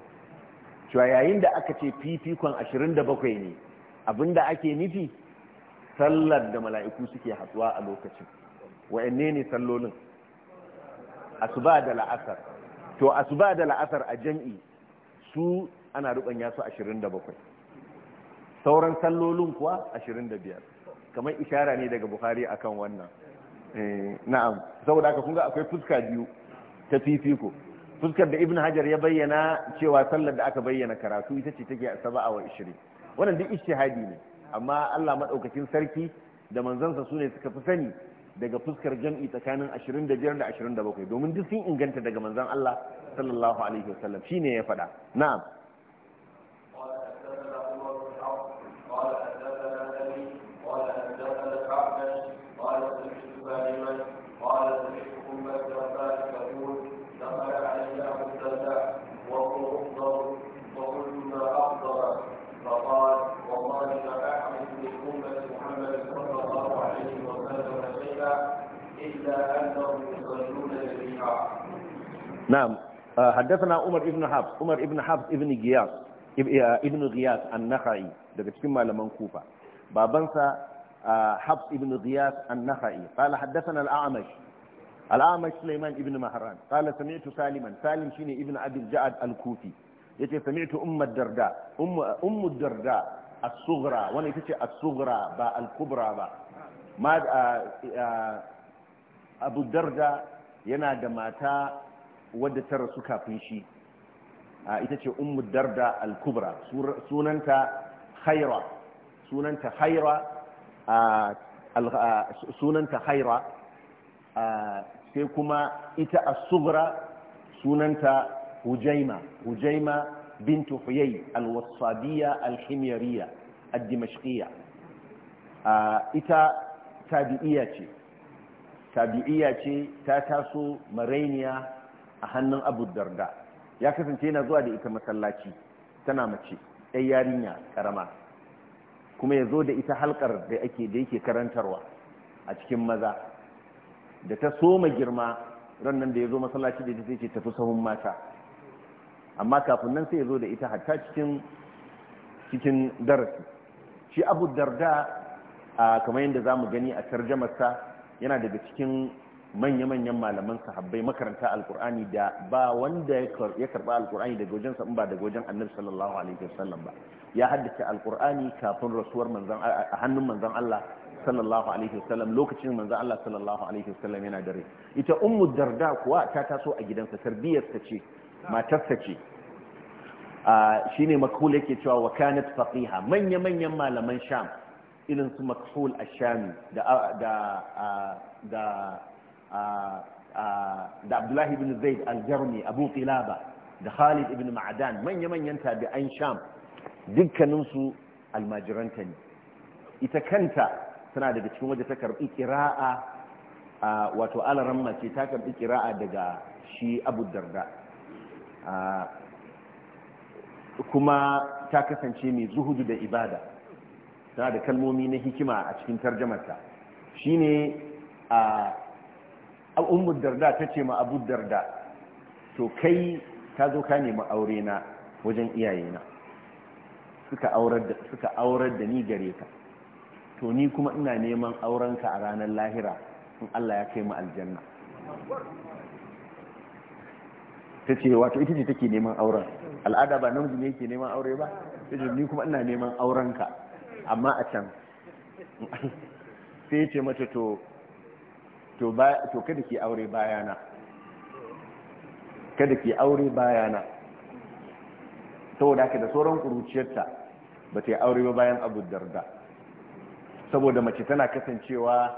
cewa yayin da aka ce fifikon 27 ne abinda ake nufi sallar da mala'iku suke hatsuwa a lokacin wa'anne ne sallolin asuba da la'asar to asuba da la'asar a jam'i su ana rubanya su 27 sauran sallolin kuwa 25 kamar ishara ne daga buhari akan wannan Eh, na'am saboda haka kun ga akwai fuska biyu ta fifiko fuskar da ibn hajar ya bayyana cewa sallar da aka bayyana karatu ita ce take a saba'a wa ishirin wannan duk ishtihadi ne amma allah maɗaukakin sarki da manzansa su ne suka fi sani daga fuskar jam'i tsakanin 25 da 27 domin duk sun inganta daga manzan allah sallallahu alaihi wasallam shine ya faɗa na'am حدثنا عمر ابن حفص عمر ابن حفص ابن غياث ابن غياث النخعي daga cikin malaman kufa babansa حفص ابن غياث النخعي قال حدثنا الأعمش الأعمش سليمان ابن مهران قال سمعت سالما سالم شيني ابن أبي الجعد الكوفي yace sami'tu ummu darda ummu darda as-sughra wani tace as-sughra ba al-kubra ba ma abu darda yana da mata wadda ta rasu kafin shi ita ce ummu darda al-kubra sunanta haira sunanta haira sunanta haira sai kuma ita as sunanta hujaima hujaima bintu huyay al-wassabiyya al ita tabi'iya ce Tabi'iya ce ta taso marainiya a hannun abu darda ya kasance yana zuwa da ita masallaci tana mace ɗan yarinya ƙarama kuma ya zo da ita halkar da ake da yake karantarwa a cikin maza da ta soma girma ran nan da ya zo masallaci da ita ce ce tafi sahun mata amma kafin nan sai ya zo da ita hatta cikin cikin darasi shi abu darda kamar yadda za mu gani a tarjamarsa yana daga cikin manya-manyan malaman sahabbai makaranta alkur'ani da ba wanda ya karba alkur'ani daga wajen sa ba daga wajen annabi sallallahu alaihi wasallam ba ya haddace alkur'ani kafin rasuwar manzon a hannun manzon Allah sallallahu alaihi wasallam lokacin manzon Allah sallallahu alaihi wasallam yana dare ita ummu darda kuwa ta taso a gidansa tarbiyar ta ce matarsa ce shine makul yake cewa wa kanat faqiha manya-manyan malaman sham irin su makhul ash-shami da da da da abdullahi ibn zaid al-jarmi abu qilaba da khalid ibn ma'adan manya-manyan tabi'an sham dukkaninsu almajiranta ne ita kanta tana daga cikin waje ta karbi kira'a wato alaramma ce ta karbi kira'a daga shi abu darda kuma ta kasance mai zuhudu da ibada tana da kalmomi na hikima a cikin tarjamarta shine a al'ummar darda ta ce ma abu darda to kai ta zo ka nemi aure na wajen iyayena suka aurar da suka aurar da ni gare ka to ni kuma ina neman auren ka a ranar lahira in Allah ya kai mu aljanna ce wato ita ce take neman auren al'ada ba namiji ne yake neman aure ba ce ni kuma ina neman auren ka amma a can sai ce mata to to kada ke aure bayana kada ke aure bayana saboda haka da sauran kuruciyarta ba ta yi aure ba bayan abu darda saboda mace tana kasancewa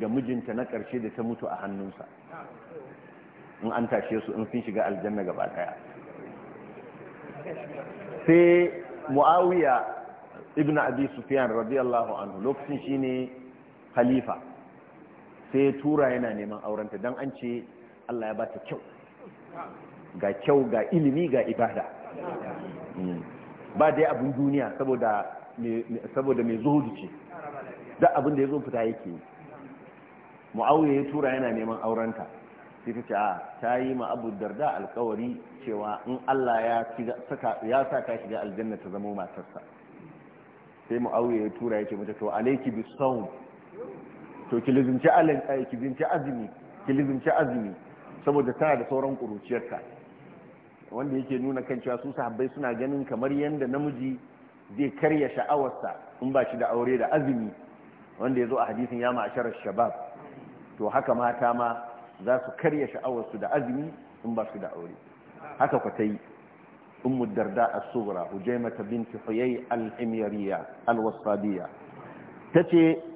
ga mijinta na ƙarshe da ta mutu a hannunsa in an tashe su in sun shiga aljanna gaba daya sai mu'awiya ibn abi sufyan radiyallahu anhu lokacin shine khalifa sai ya tura yana neman aurenta don an ce Allah ya bata kyau ga kyau ga ilimi ga ibada mm. ba dai abin duniya saboda mai zuhudu ce da abin da ya zo fita yake mu'awiyar ya tura yana neman aurenta sai ta ce a ta yi ma darda alkawari cewa in Allah ya sa ka shiga aljanna ta zama matarsa sai mu'awiyar ya tura ya ce mata to alaiki bisau to eh, ki lizinci azumi ki azumi saboda tana da sauran kuruciyarka wanda yake nuna kan cewa su sahabbai suna ganin kamar yadda namiji zai karya sha'awarsa in ba shi da aure da azumi wanda ya zo a hadisin ya ma'asharar shabab to haka mata ma za su karya sha'awarsu da azumi in ba su da aure haka ku ta yi ummu darda as-sughra hujaymah bint huyay al-himyariya al-wasfadiya tace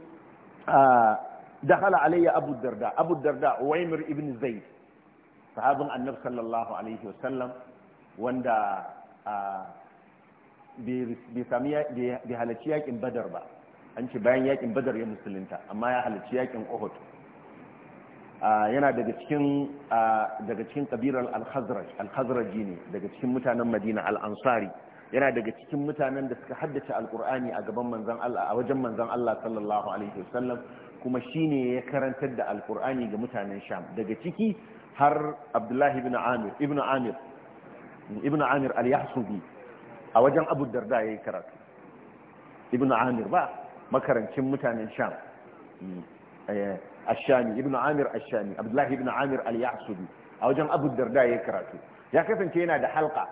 دخل علي أبو الدرداء أبو الدرداء عويمر ابن زيد صحاب النبي صلى الله عليه وسلم وندا bai sami bai halarci yakin badar ba an ce bayan yakin badar ya musulunta amma ya halarci yakin uhud yana daga cikin daga cikin kabilar al-khazraj al ne daga cikin mutanen madina al-ansari yana daga cikin mutanen da suka haddace alkur'ani a gaban manzan Allah a wajen manzan Allah sallallahu alaihi wasallam kuma shine ya karantar da alkur'ani ga mutanen Sham daga ciki har Abdullahi ibn Amir ibn Amir ibn Amir al-Yahsubi a wajen Abu Darda yayi karatu ibn Amir ba makarancin mutanen Sham hmm. eh, Ashami ibn Amir Ashami Abdullahi ibn Amir al-Yahsubi a wajen Abu Darda yayi karatu ya kasance yana da halqa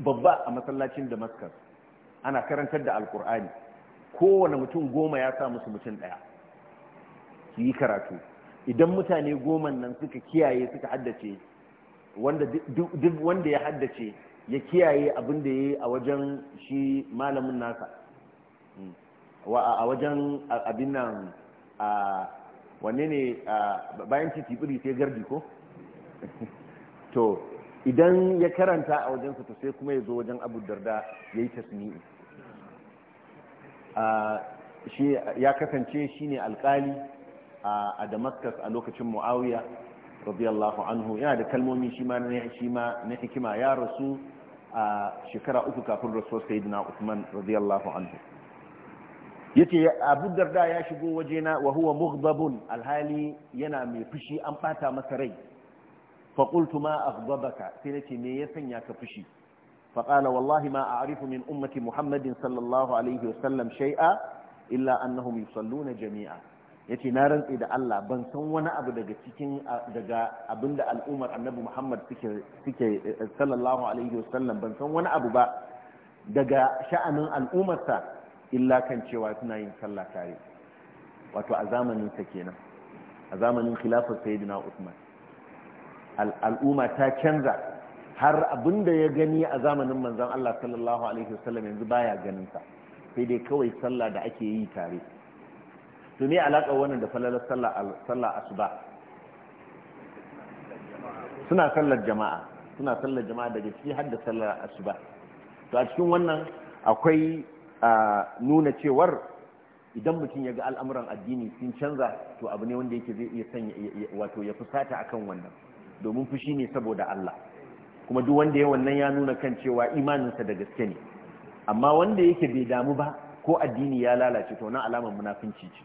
babba a masallacin damaskar ana karantar da alkur'ani kowane mutum goma ya sa musu mutum ɗaya su yi karatu idan mutane goman nan suka kiyaye suka haddace wanda ya haddace ya kiyaye abin da ya yi a wajen shi malamin nasa hmm. a wajen abin nan a wanne ne bayan titibiri sai gardi ko to idan ya karanta a wajensa to sai kuma ya zo wajen abu darda ya yi tasmi'i ya kasance shi ne alkali a damascus a lokacin mu'awiya radiyallahu anhu yana da kalmomi shi ma na hikima ya rasu a shekara uku kafin rasuwar sayyidina usman radiyallahu anhu yace abu darda ya shigo wajena wa huwa alhali yana mai fushi an ɓata masa rai faƙultu ma afgabaka sai na ce me ya sanya ka fushi faƙala wallahi ma a arifu min ummati muhammadin sallallahu alaihi wasallam shai'a illa annahum yusalluna jami'a ya ce na rantse da Allah ban san wani abu daga cikin daga abinda al'ummar annabi muhammad suke sallallahu alaihi wasallam ban san wani abu ba daga sha'anin al'ummarsa illa kan cewa suna yin sallah tare wato a zamanin zamaninsa kenan a zamanin khilafar sayyidina Usman al'umma ta canza har abin da ya gani a zamanin Manzan Allah sallallahu alaihi wasallam yanzu baya ganin sa sai dai kawai sallah da ake yi tare su ne alaƙa wannan da falalar sallah su asuba suna sallar jama'a suna sallar jama'a daga ciki har da sallar asuba to a cikin wannan akwai nuna cewar idan mutum ya ga al'amuran addini sun canza to abu ne wanda yake zai iya sanya wato ya fusata akan wannan domin fushi ne saboda Allah kuma duk wanda ya wannan ya nuna kan cewa imaninsa da gaske ne amma wanda yake bai damu ba ko addini ya lalace to na alamar munafinci ce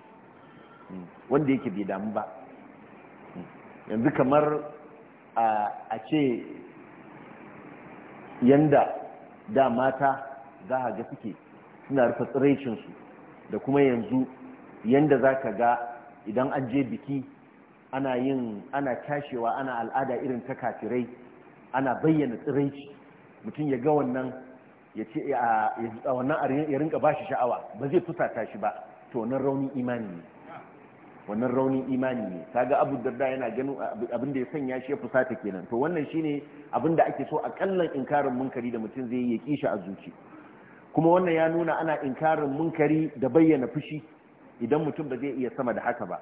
hmm. wanda yake bai damu ba hmm. yanzu kamar a ce yanda da mata za a ga suke suna rufe tsiraicinsu da kuma yanzu yanda za ka ga idan an je biki ana yin ana tashewa ana al'ada irin ta kafirai ana bayyana tsiraici mutum ya ga wannan ya ce a wannan ya rinka ba shi sha'awa ba zai fusata shi ba to wannan raunin imani ne wannan raunin imani ne ta ga abu darda yana ganin abin da ya sanya shi ya fusata kenan to wannan shine abin da ake so a kallan inkarin munkari da mutum zai yi ya kishi a zuci kuma wannan ya nuna ana inkarin munkari da bayyana fushi idan mutum ba zai iya sama da haka ba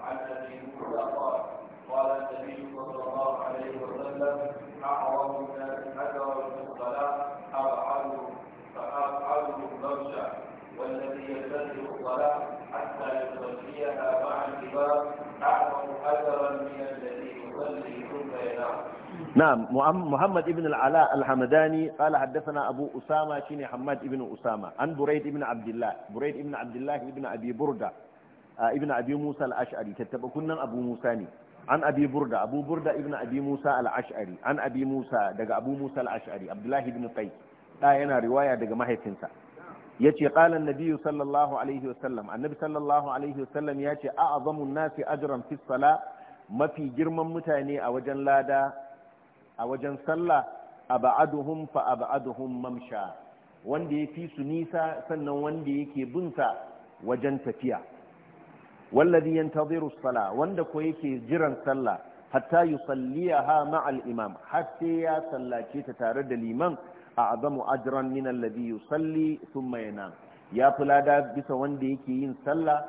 نعم محمد ابن العلاء الحمداني قال حدثنا أبو أسامة كيني حماد ابن أسامة عن بريد ابن عبد الله بريد ابن عبد الله ابن أبي بردة ابن أبي موسى الأشعري كتب كنا أبو موساني عن أبي بردة أبو بردة ابن أبي موسى الأشعري عن أبي موسى دق أبو موسى الأشعري عبد الله بن قيس لا ينا رواية دق ما هي تنسى يتي قال النبي صلى الله عليه وسلم النبي صلى الله عليه وسلم يتي أعظم الناس أجرا في الصلاة ما في جرم متاني أوجن لادا a wajen sallah aba'aduhum fa aba'aduhum mamsha wanda ya fi su nisa sannan wanda yake bunsa wajen tafiya wallazi yantaziru sala wanda ko yake jiran sallah hatta yusalliha ma'al imam sai ya sallace ta tare da liman a'zamu ajran min alladhi yusalli thumma yanam ya da bisa wanda yake yin sallah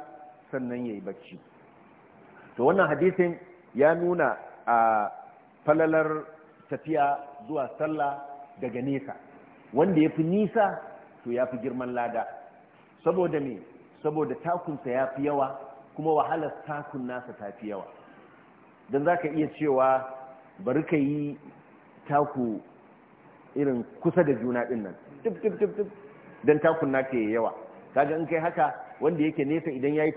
sannan yayi bacci to wannan hadisin ya nuna a falalar tafiya zuwa sallah daga nesa wanda ya fi nisa to ya fi girman lada saboda me saboda takunsa ya fi yawa kuma wahalar takun nasa ta fi yawa don za ka iya cewa bari ka yi taku irin kusa da juna din nan tuk tuk tuk don takun naka ya yawa kaga in kai haka wanda yake nesa idan ya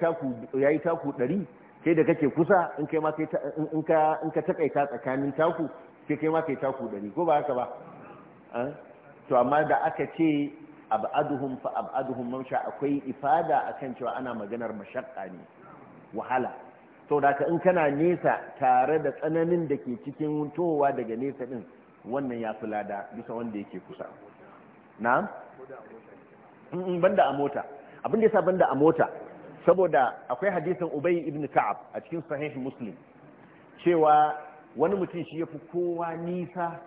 yi taku ɗari sai da kake kusa in ka taƙaita tsakanin taku sai kai ma kai taku dari ko ba haka ba to amma da aka ce ab'aduhum fa ab'aduhum mamsha akwai ifada akan cewa ana maganar mashakka ne wahala to da in kana nesa tare da tsananin da ke cikin towa daga nesa din wannan ya fi lada bisa wanda yake kusa na banda a mota abin da yasa banda a mota saboda akwai hadisin ubay ibn ka'ab a cikin sahih muslim cewa wani mutum shi ya fi kowa nisa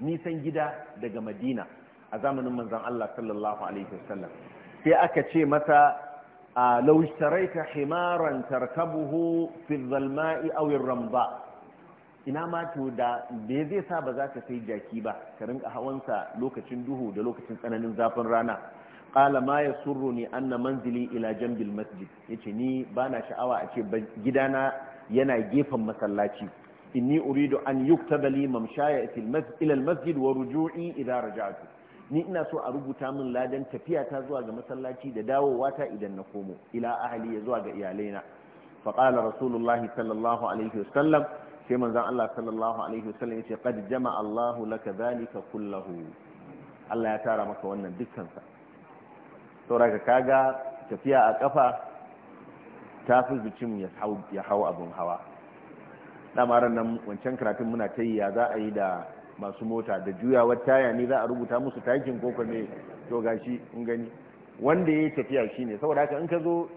nisan gida daga madina a zamanin manzan Allah sallallahu alaihi wasallam sai aka ce masa laushtarai ta himaran tarkabuhu fi dhalma'i aw ar ina ma to da me zai sa ba za ka sai jaki ba ka rinka hawansa lokacin duhu da lokacin tsananin zafin rana ƙala ma an anna manzili ila jambil masjid yace ni bana sha'awa a ce gidana yana gefen masallaci inni uridu an yuktaba li mamshaya ila al-masjid wa ruju'i idha raja'tu ni ina so a rubuta min ladan tafiya ta zuwa ga masallaci da dawowa ta idan na komo ila ahli ya zuwa ga iyalaina fa qala rasulullahi sallallahu alaihi wasallam sai manzon Allah sallallahu alaihi wasallam yace qad jama'a Allah laka dhalika kullahu Allah ya tara maka wannan dukkan sa saboda kaga tafiya a kafa ta fi zucin ya hau abin hawa damaran nan wancan karatun muna ta yi ya za a yi da masu mota da juyawar taya ne za a rubuta musu takin koko ne to gashi in gani wanda ya tafiya shi ne saboda haka in ka zo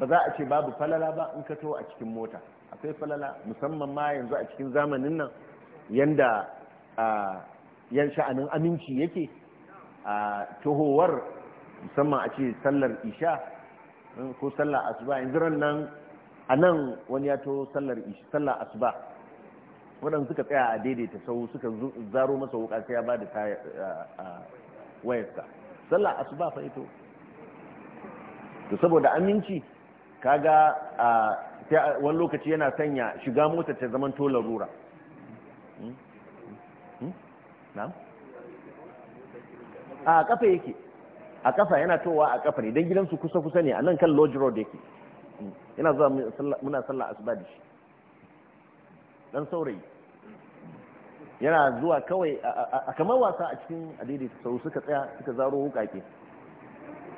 ba za a ce babu falala ba in ka to a cikin mota akwai falala musamman ma yanzu a cikin zamanin nan yanda yan sha'anin aminci yake a tohowar musamman a ce sallar isha hmm, ko sallar asuba yanzu ran nan a nan wani ya to sallar ishi sallar asuba waɗanda suka tsaya a daidaita sau suka zaro masa wuka sai ya ba da wayarsa sallar asuba fa ito to saboda aminci kaga a wani lokaci yana sanya shiga mota ta zaman to larura hmm? hmm? na? a kafa yake a kafa yana towa a kafa ne don gidansu kusa-kusa ne a nan kan lodge road yake yana zuwa muna sallah asuba da shi dan saurayi yana zuwa kawai a kamar wasa a cikin adidi sau suka tsaya suka zaro wukake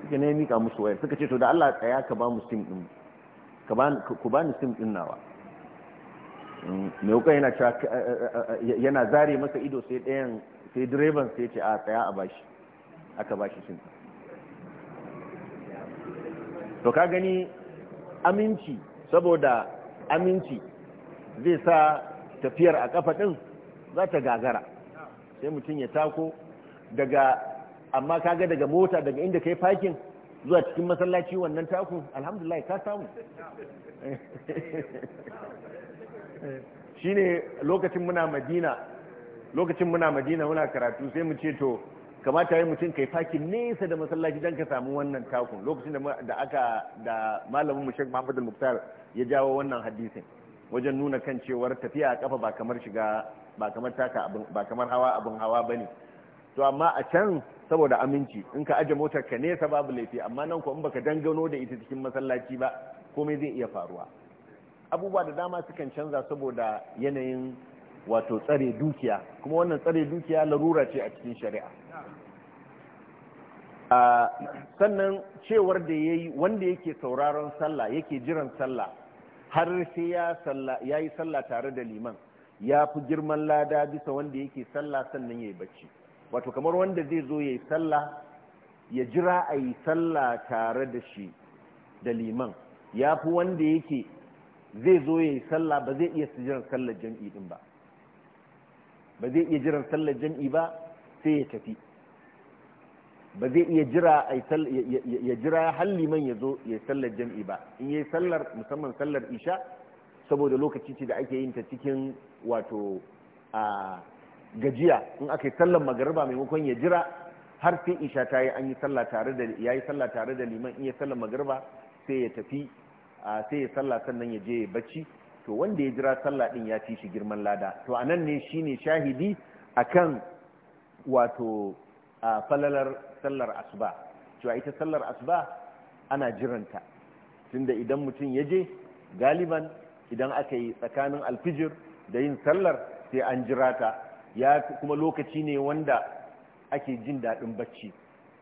suka ne mika musu wayar suka ce to da Allah tsaya ka ba mu sim din ku ba ni sim din nawa mai mm, hukar yana yana zare masa ido sai ɗayan sai direban sai ce a tsaya a bashi aka bashi sim to ka gani aminci saboda aminci zai sa tafiyar a kafa din za ta gagara sai mutum ya tako daga amma kaga daga mota daga inda kai fakin zuwa cikin masallaci wannan takun alhamdulillah ka samu shine lokacin muna madina lokacin muna madina muna karatu sai mu ce to kamata yi mutum kai fakin nesa da masallaci don ka samu wannan takun lokacin da aka da malamin mushek muhammad al-muktar ya jawo wannan hadisin wajen nuna kan cewar tafiya a kafa ba kamar shiga ba kamar taka ba hawa abin hawa bane to amma a can saboda aminci in ka aje motar ka nesa babu laifi amma nan ko in baka dangano da ita cikin masallaci ba komai zai iya faruwa abubuwa da dama sukan canza saboda yanayin wato tsare dukiya kuma wannan tsare dukiya larura ce a cikin shari'a sannan cewar da ya yi wanda yake sauraron sallah yake jiran sallah har sai ya yi sallah tare da liman ya fi girman lada bisa wanda yake sallah sannan ya yi bacci wato kamar wanda zai zo ya yi sallah ya jira a yi sallah tare da shi da liman ya fi wanda yake zai zo ya yi sallah ba zai iya su jiran sallar jam'i din ba ba zai iya jiran sallar jam'i ba sai ya tafi ba zai iya jira ya jira halli man ya zo ya sallar jam'i ba in yi sallar musamman sallar isha saboda lokaci ce da ake yin ta cikin wato a gajiya in aka yi sallar magariba maimakon ya jira har sai isha ta yi an yi sallah tare da ya yi sallah tare da liman in ya sallar magariba sai ya tafi sai ya sallah sannan ya je ya bacci to wanda ya jira sallah din ya ci shi girman lada to anan ne shine shahidi akan wato a falalar sallar asuba cewa ita sallar asuba ana jiranta tunda idan mutum ya je galiban idan aka yi tsakanin alfijir da yin sallar sai an jira ta ya kuma lokaci ne wanda ake jin daɗin bacci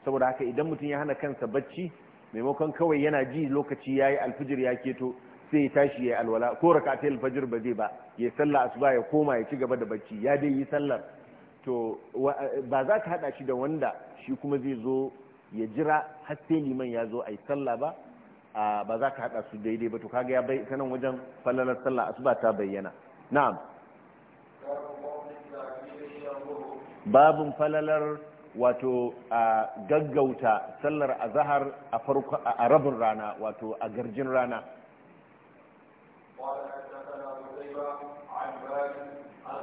saboda haka idan mutum ya hana kansa bacci maimakon kawai yana ji lokaci ya yi alfijir ya keto sai ya tashi ya alwala ko rakatul fajr ba zai ba ya sallah asuba ya koma ya ci gaba da bacci ya dai yi sallar to ba za ka hada shi da wanda shi kuma zai zo ya jira har sai liman ya zo ai sallah ba ba za ka hada su daidai ba to kaga ya bai sanan wajen fallalar sallah asuba ta bayyana na'am babun falalar wato a gaggauta sallar azahar a rabin rana wato a garjin rana قال حدثنا عن عن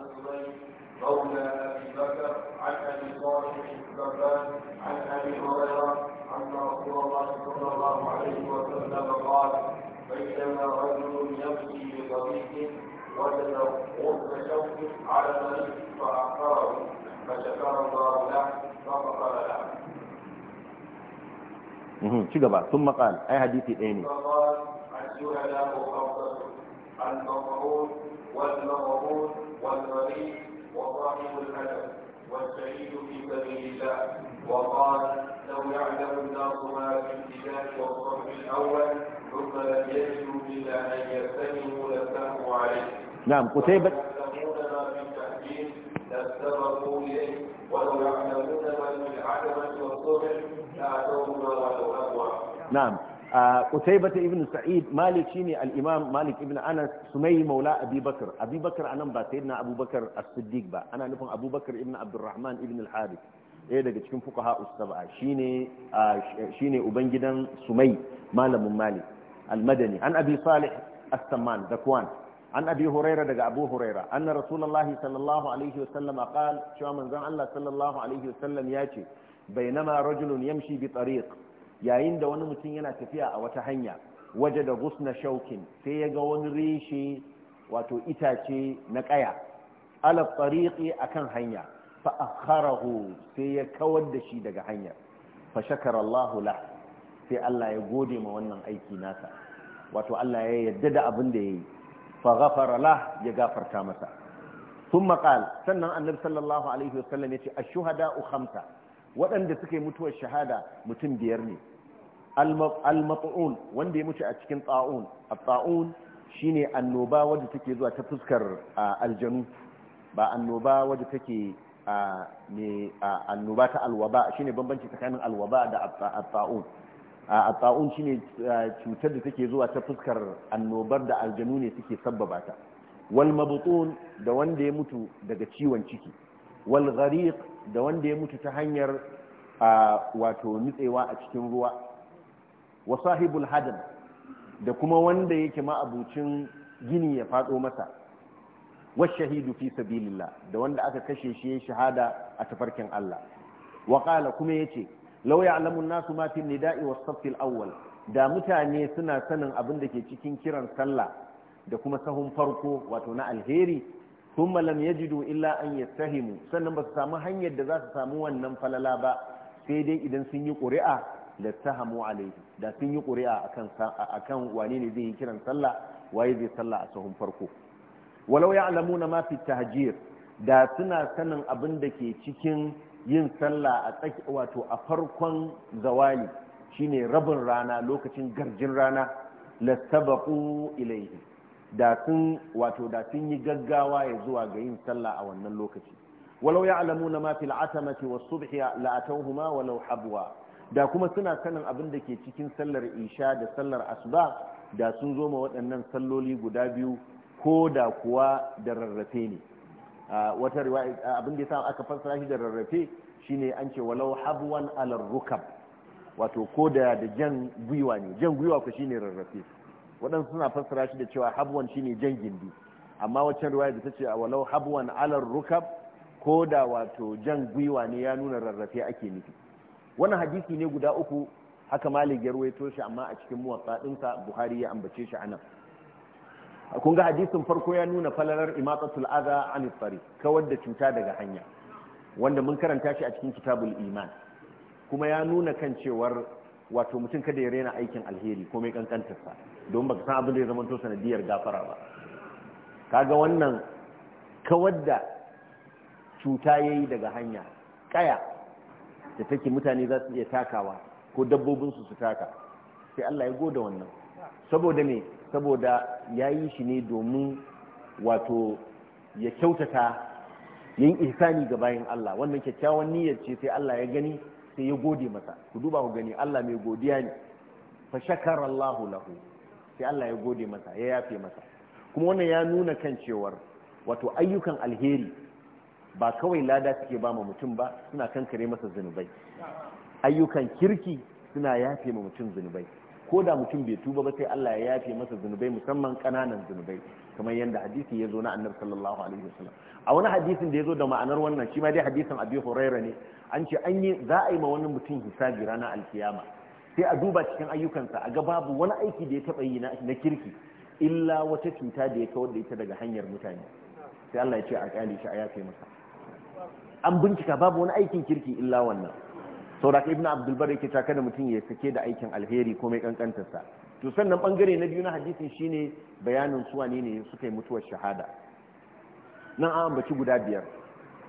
مولى أبي بكر عن أبي صالح بن عن أبي هريرة أن رسول الله صلى الله عليه وسلم قال بينما رجل يمشي على الله له له ci gaba sun maƙal ai hadisi ɗaya ne المغرور والمغرور والغريب وصاحب الهدف والسعيد في سبيل الله وقال لو يعلم الناس ما في الكتاب والصف الاول ثم لم يجدوا الا ان يستمعوا لاستمعوا عليه نعم قتيبة اليه ولو يعلمون ما في نعم قتيبة ابن سعيد مالك شيني الإمام مالك ابن أنس سمي مولى أبي بكر أبي بكر أنا با سيدنا Abubakar As-Siddiq ba ana nufin Abubakar Ibn ابن Ibn al ابن الحارث ɗaya daga cikin fukaha ustaba'a shine shine ubangidan sumai malamin malik Al-Madani an abi salih as-samman zakwan an abi huraira daga abu huraira anna rasulullahi sallallahu alaihi Sallam qala cewa manzon Allah sallallahu alaihi wasallam yace bainama rajulun yamshi bi tariq yayin da wani mutum yana tafiya a wata hanya waje da gusna shaukin sai ya ga wani reshe wato itace na kaya ala tsariƙi a kan hanya akharahu sai ya kawar da shi daga hanyar fa shakarallahu la sai Allah ya gode ma wannan aiki nasa wato Allah ya yarda da abin da ya yi fa ghafara la ya gafarta masa sun maƙal sannan annabi sallallahu alaihi wasallam ya ce ashuhada u khamsa waɗanda suke mutuwar shahada mutum biyar ne al-mat'un wanda ya mutu a cikin ta'un at-ta'un shine annoba wadda take zuwa ta fuskar aljanu ba annoba wadda take ne annoba ta alwaba shine bambanci tsakanin alwaba da at-ta'un at-ta'un shine cutar da take zuwa ta fuskar annobar da aljanu ne suke sabbaba ta wal mabtun da wanda ya mutu daga ciwon ciki wal ghariq da wanda ya mutu ta hanyar wato nutsewa a cikin ruwa wa sahibul hadal da kuma wanda yake ma'abucin gini ya faɗo masa wa shahidu fi sabilillah da wanda aka kashe shi ya shahada a tafarkin Allah wa qala kuma yace law ya'lamu an-nasu ma fi nida'i was saffil awwal da mutane suna sanin abin da ke cikin kiran sallah da kuma sahun farko wato na alheri thumma lam yajidu illa an yastahimu sannan ba su samu hanyar da za su samu wannan falala ba sai dai idan sun yi ƙuri'a da tahamu alaihi da sun yi ƙuri'a akan wane ne zai yi kiran sallah waye zai sallah a sahun farko walau na mafi ta tahjir da suna sanin abin da ke cikin yin sallah a tsaki wato a farkon zawali shine rabin rana lokacin garjin rana lastabaqu ilaihi da sun wato da sun yi gaggawa ya zuwa ga yin sallah a wannan lokaci walau ya'lamuna ma fil atamati was subhi la atawhuma walau habwa da kuma suna sanin abin da ke cikin sallar isha da sallar asuba da sun zo ma waɗannan salloli guda biyu ko da kuwa da rarrafe ne wata abin da ya aka fassara shi da rarrafe shine an ce walau habwan alar rukab wato ko da da jan gwiwa ne jan gwiwa shi shine rarrafe waɗansu suna fassara shi da cewa habwan shine jan gindi amma waccan riwaya da ta ce walau habwan alar rukab ko da wato jan gwiwa ne ya nuna rarrafe ake nufi wannan hadisi ne guda uku haka malik ya ruwaito shi amma a cikin muwatsa dinsa buhari ya ambace shi A kun ga hadisin farko ya nuna falalar imatatul Aza an tsari kawar da cuta daga hanya wanda mun karanta shi a cikin kitabul iman kuma ya nuna kan cewar wato mutum kada ya rena aikin alheri ko mai kankantarsa don baka san abin da ya zama to sanadiyar gafara ba kaga wannan kawar da cuta yayi daga hanya kaya da take mutane za su iya takawa ko dabbobinsu su taka sai Allah ya goda wannan saboda ne saboda ya yi shi ne domin wato ya kyautata yin ihsani ga bayan Allah wannan kyakkyawan niyyar ce sai Allah ya gani sai ya gode masa ku duba ku gani Allah mai godiya ne fa shakara Allahu lahu sai Allah ya gode masa ya yafe masa kuma wannan ya nuna kan cewar wato ayyukan alheri ba kawai lada suke ba ma mutum ba suna kankare masa zunubai ayyukan kirki suna yafe ma mutum zunubai ko da mutum bai tuba ba sai Allah ya yafe masa zunubai musamman kananan zunubai kamar yadda hadisi ya zo na annabi sallallahu alaihi wasallam a wani hadisin da ya zo da ma'anar wannan shi ma dai hadisin abi huraira ne an ce an yi za a yi ma wani mutum hisabi rana alkiyama sai a duba cikin ayyukansa a ga babu wani aiki da ya taba yi na kirki illa wata cuta da ya kawar da ita daga hanyar mutane sai Allah ya ce a kyale shi a yafe masa an bincika babu wani aikin kirki illa wannan saboda ibn abdul bar yake taka da mutum ya sake da aikin alheri ko mai kankantar sa to sannan bangare na biyu na hadisin shine bayanin su wane ne suka yi mutuwar shahada nan an ambaci guda biyar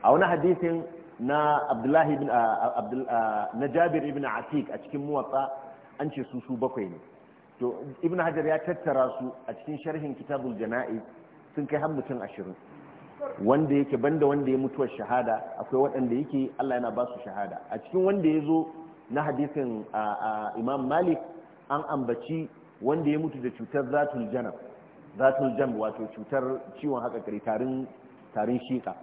a wani hadisin na abdullahi na jabir ibn atik a cikin muwatsa an ce su su bakwai ne to ibn hajar ya tattara su a cikin sharhin kitabul jana'iz sun kai har mutum ashirin wanda yake banda wanda ya mutuwar shahada akwai waɗanda yake Allah yana ba su shahada a cikin wanda ya zo na hadisin imam malik an ambaci wanda ya mutu da cutar zatul janab zatul janab wato cutar ciwon haka kari tarin tarin shika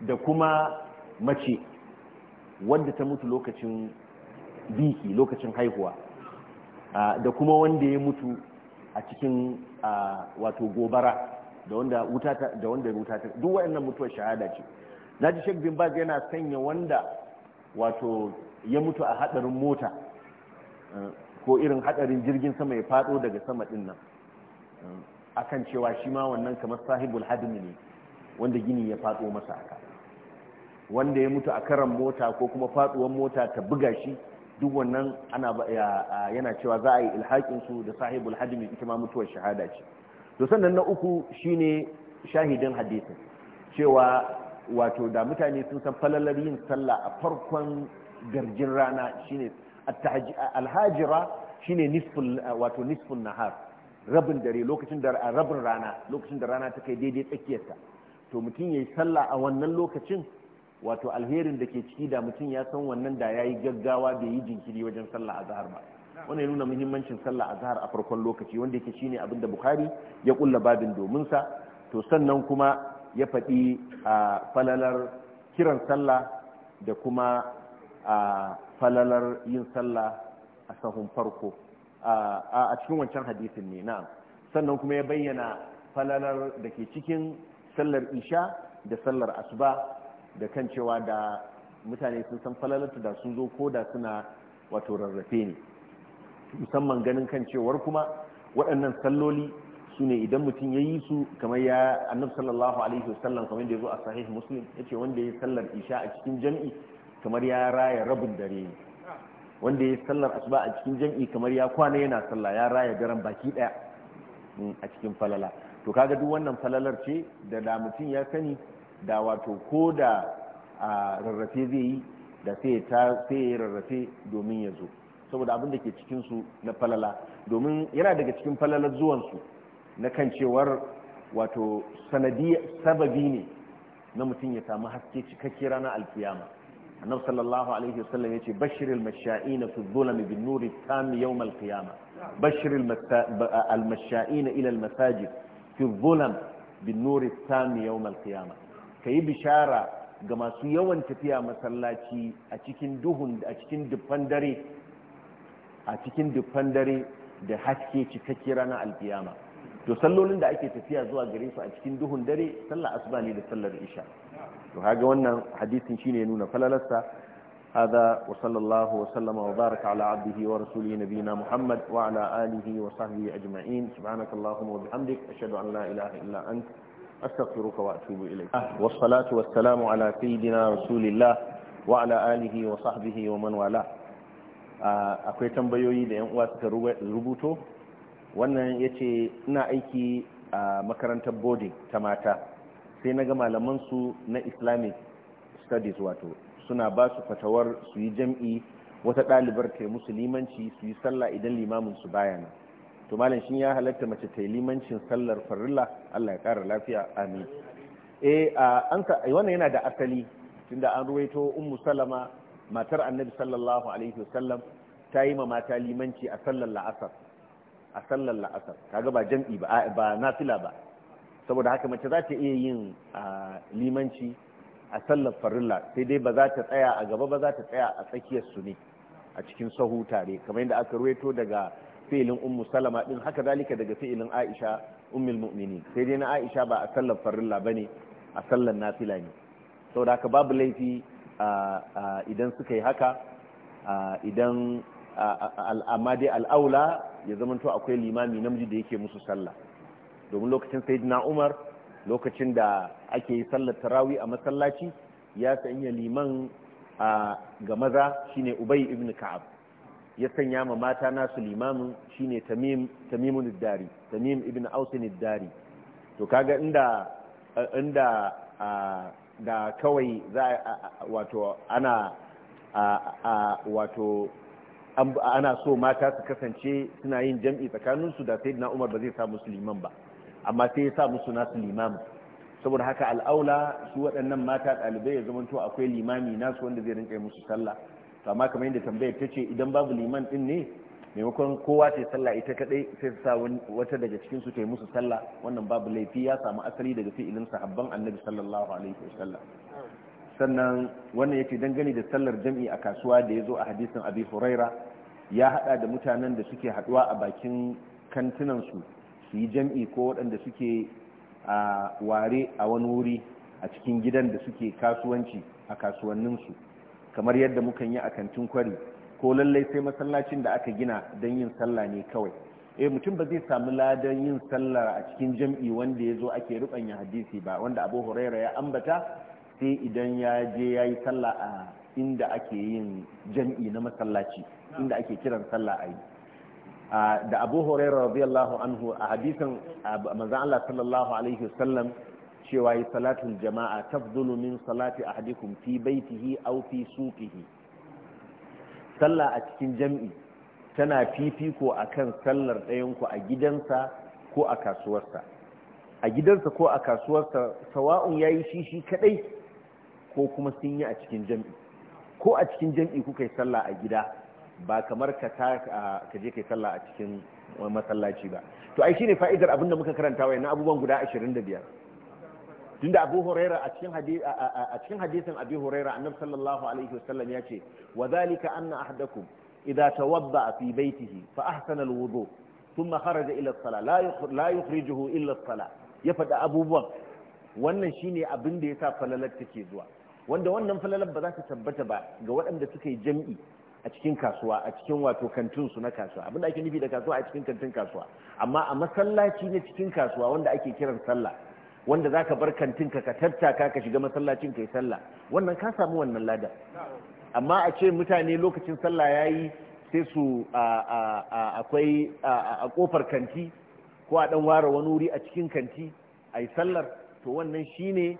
da kuma mace wanda ta mutu lokacin biki lokacin haihuwa da kuma wanda ya mutu a cikin wato gobara da wanda wuta da wanda wuta ta duk wayannan mutuwar shahada ce naji Sheikh bin Baz yana sanya wanda wato ya mutu a hadarin mota eh, ko irin hadarin jirgin sama ya fado daga sama din nan eh, akan cewa shi ma wannan kamar sahibul hadmi ne wanda gini ya fado masa aka wanda ya mutu a karan mota ko kuma faduwar mota ta buga shi duk wannan ana yana cewa za a yi ilhakin su da sahibul hadmi ita ma mutuwar shahada ce to sannan na uku shine shahidin hadisin cewa wato da mutane sun san falalar yin sallah a farkon garjin rana shine alhajira shine nisful wato nisful nahar rabin dare lokacin da rabin rana lokacin da rana ta kai daidai tsakiyarta to mutum yayi sallah a wannan lokacin wato alherin da ke ciki da mutum ya san wannan da yayi gaggawa bai yi jinkiri wajen sallah a zahar ba wannan ya nuna muhimmancin sallah azhar a farkon lokaci wanda yake shine abin da bukhari ya kulla babin domin sa to sannan kuma ya faɗi a falalar kiran sallah da kuma a falalar yin sallah a sahun farko a cikin wancan hadisin ne na'am sannan kuma ya bayyana falalar da ke cikin sallar isha da sallar asuba da kan cewa da mutane sun san falalar da sun zo ko da suna wato rarrafe ne musamman ganin kan cewar kuma waɗannan salloli su ne idan mutum ya yi su kamar ya annabi sallallahu alaihi wasallam kamar da ya zo a sahih muslim ya ce wanda ya sallar isha a cikin jam'i kamar ya raya rabin dare ne wanda ya sallar asuba a cikin jam'i kamar ya kwana yana sallah ya raya daren baki ɗaya mm, a cikin falala to kaga duk wannan falalar ce da da mutum ya sani da wato ko da rarrafe zai yi da sai ya rarrafe domin ya zo saboda abin da ke cikinsu na falala domin yana daga cikin falalar zuwan su na kan cewar wato sanadi sababi ne na mutum ya samu haske cikakke ranar alkiyama annabi sallallahu alaihi wasallam yace bashiril masha'ina fi dhulami bin nuri tam yawm alqiyama bashiril almasha'ina ila almasajid fi dhulam bin nuri tam yawm alqiyama kai bishara ga masu yawan tafiya masallaci a cikin duhun a cikin dufan dare a cikin dufan dare da haske cikakke rana alfiyama to sallolin da ake tafiya zuwa gare su a cikin duhun dare sallar asuba ne da sallar isha to haga wannan hadisin shine nuna falalarsa hada wa sallallahu wa sallama wa baraka ala abdihi wa rasuli muhammad wa ala alihi wa sahbihi ajma'in subhanakallahumma wa bihamdik ashhadu an la ilaha illa ant astaghfiruka wa atubu ilayk wa salatu wa ala sayidina rasulillah wa ala alihi wa sahbihi wa man akwai tambayoyi da yan uwa suka rubuto wannan ya ce ina aiki a makarantar boarding ta mata sai na ga malamansu na islamic studies wato suna ba su fatawar su yi jam'i wata ɗalibar ta yi musu limanci su yi sallah idan limamin su bayana, to malam shi ya halatta mace ta yi limancin sallar farilla Allah ya kara lafiya amin eh an ka wannan yana da asali tunda an ruwaito ummu salama matar annabi sallallahu alaihi wasallam ta yi ma mata limanci a sallar la'asar a sallar la'asar kaga ba jam'i ba ba nafila ba saboda haka mace za ta iya yin limanci a sallar farilla sai dai ba za ta tsaya a gaba ba za ta tsaya a tsakiyar su ne a cikin sahu tare kamar yadda aka ruwaito daga fi'ilin ummu salama din haka zalika daga fi'ilin aisha ummul mu'minin sai dai na aisha ba a sallar farilla bane a sallar nafila ne saboda haka babu laifi idan suka yi haka idan amma dai al'aula ya zamanto akwai limami namiji da yake musu sallah domin lokacin sayyidina umar lokacin da ake yi sallar tarawi a masallaci ya sanya liman ga maza shine ubai ibn ka'ab ya sanya ma mata nasu limamin shine tamim tamimun iddari tamim ibn ausin iddari to kaga inda inda da kawai za wato ana wato ana so mata su kasance suna yin jam'i tsakaninsu da sai umar ba zai sa musu liman ba amma sai ya sa musu nasu limamin saboda haka al'aula su waɗannan mata ɗalibai ya zamanto akwai limami nasu wanda zai rinƙa musu sallah to amma kamar yadda tambayar ta ce idan babu liman ɗin ne maimakon kowa ce sallah ita kadai sai su sa wata daga cikin su ta musu sallah wannan babu laifi ya samu asali daga fi'ilin sahabban annabi sallallahu alaihi sallah sannan wannan yake dangane da sallar jam'i a kasuwa da ya zo a hadisin abi huraira ya hada da mutanen da suke haduwa a bakin kantinan su su yi jam'i ko waɗanda suke a ware a wani wuri a cikin gidan da suke kasuwanci a kasuwanninsu kamar yadda mukan yi a kantin kwari ko lallai sai masallacin da aka gina don yin sallah ne kawai eh mutum ba zai samu ladan yin sallah a cikin jam'i wanda ya zo ake rubanya hadisi ba wanda abu huraira ya ambata sai idan ya je ya yi sallah a inda ake yin jam'i na masallaci inda ake kiran sallah a yi da abu huraira radiyallahu anhu a hadisin manzon Allah sallallahu alaihi wasallam cewa yi salatul jama'a tafdulu min salati ahadikum fi baitihi aw fi suqihi sallah a cikin jam'i tana fifiko kan sallar ɗayanku a gidansa ko a kasuwarsa a gidansa ko a kasuwarsa sawa'un yayi shi shi kadai ko kuma sun yi a cikin jam'i ko a cikin jam'i kuka yi sallah a gida ba kamar ka je kai salla a cikin masallaci ba to ai shine fa'idar abinda muka karanta wa abubuwan guda 25 tunda abu huraira a cikin hadisin abu huraira annab sallallahu alaihi wasallam ya ce wa zalika anna ahdakum idza tawadda fi baitihi fa ahsana alwudu thumma kharaja ila as-sala la yukhrijuhu illa as-sala ya faɗa abubuwan wannan shine abin da yasa falalar take zuwa wanda wannan falalar ba za ta tabbata ba ga waɗanda suka yi jam'i a cikin kasuwa a cikin wato kantin su na kasuwa abin da ake nufi da kasuwa a cikin kantin kasuwa amma a masallaci na cikin kasuwa wanda ake kiran sallah wanda za ka bar kantin ka tattaka ka shiga masallacin ka yi sallah wannan ka samu wannan lada amma a ce mutane lokacin sallah yayi sai su akwai a kofar kanti ko a dan ware wani wuri a cikin kanti ai sallar to wannan shine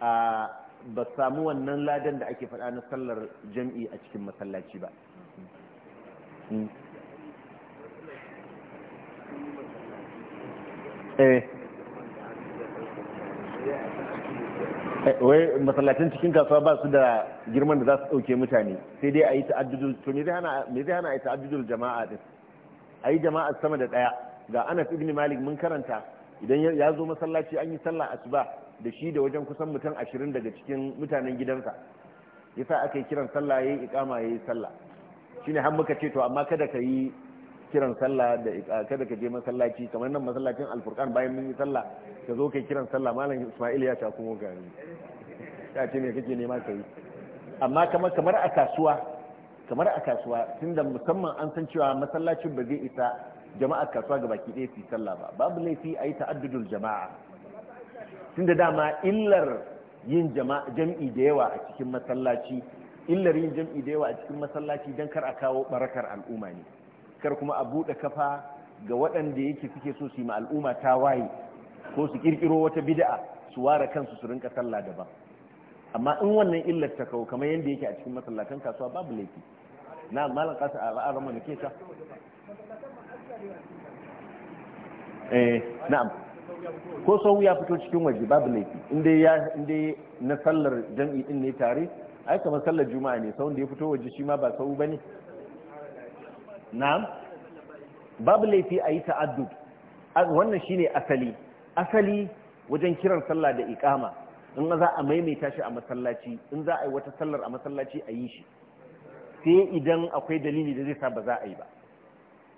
a ba samu wannan ladan da ake faɗa na sallar jam'i a cikin masallaci ba hmm. eh wai masallacin cikin kasuwa ba su da girman da za su ɗauke mutane sai dai a yi ta'addudul to me zai hana a yi ta'addudul jama'a din a yi jama'a sama da ɗaya ga anas ibn malik mun karanta idan ya zo masallaci an yi sallah asuba da shi da wajen kusan mutum ashirin daga cikin mutanen gidansa yasa aka yi kiran sallah ya yi ikama ya yi sallah shine har muka ce to amma kada ka yi kiran sallah da kada ka je masallaci kamar nan masallacin alfurkan bayan mun yi sallah ka zo kai kiran sallah malam Ismail ya ta kuma ni ta ce me kake nema kai amma kamar kamar a kasuwa kamar a kasuwa tunda musamman an san cewa masallacin ba zai isa jama'a kasuwa ga baki ɗaya su sallah ba babu laifi a yi ta'addudul jama'a tunda dama illar yin jam'i da yawa a cikin masallaci illar yin jam'i da yawa a cikin masallaci don kar a kawo barakar al'umma ne kar kuma a buɗe kafa ga waɗanda yake suke so su yi al'umma ta waye ko su kirkiro wata bid'a su ware kansu su rinka sallah daban amma in wannan illar ta kawo kamar yadda yake a cikin masallatan kasuwa babu laifi na malam kasa a ra'ar mana ke ta eh na'am ko sau ya fito cikin waje babu laifi inda ya inda na sallar jami'in ne tare ai kamar sallar juma'a ne sau da ya fito waje shi ma ba sau bane na'am babu laifi a yi ta'addud wannan shine asali asali wajen kiran sallah da ikama in za a maimaita shi a masallaci in za a yi wata sallar a masallaci a yi shi sai idan akwai dalili da zai sa ba za a yi ba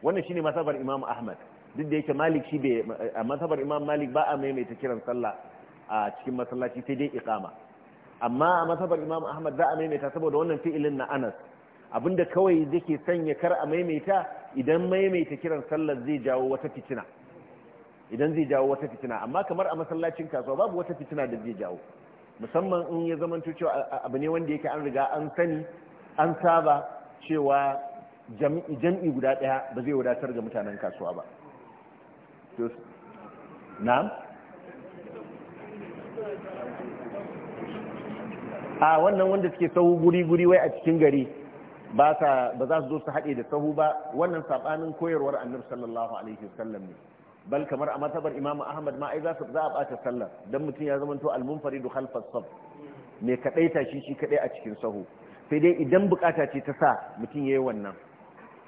wannan shine masabar Imam Ahmad duk da yake Malik shi bai a masabar Imam Malik ba a maimaita kiran sallah a cikin masallaci sai dai ikama amma a masabar Imam Ahmad za a maimaita saboda wannan fi'ilin na Anas abinda kawai ke sanya kar a maimaita idan maimaita kiran sallar zai jawo wata fitina idan zai jawo wata fitina amma kamar a masallacin kasuwa babu wata fitina da zai jawo musamman in ya zama cewa abu ne wanda yake an riga an sani an saba cewa jam'i guda daya ba zai wadatar ga mutanen kasuwa ba na'am a wannan wanda suke sau guri-guri wai a cikin gari ba za su zo su haɗe da sahu ba wannan saɓanin koyarwar annabi sallallahu alaihi wasallam ne bal kamar a matabar imamu ahmad ma ai za su za a ɓata sallar don mutum ya zama to almunfaridu khalfas saf mai kaɗai shi shi kaɗai a cikin sahu sai dai idan bukata ce ta sa mutum ya yi wannan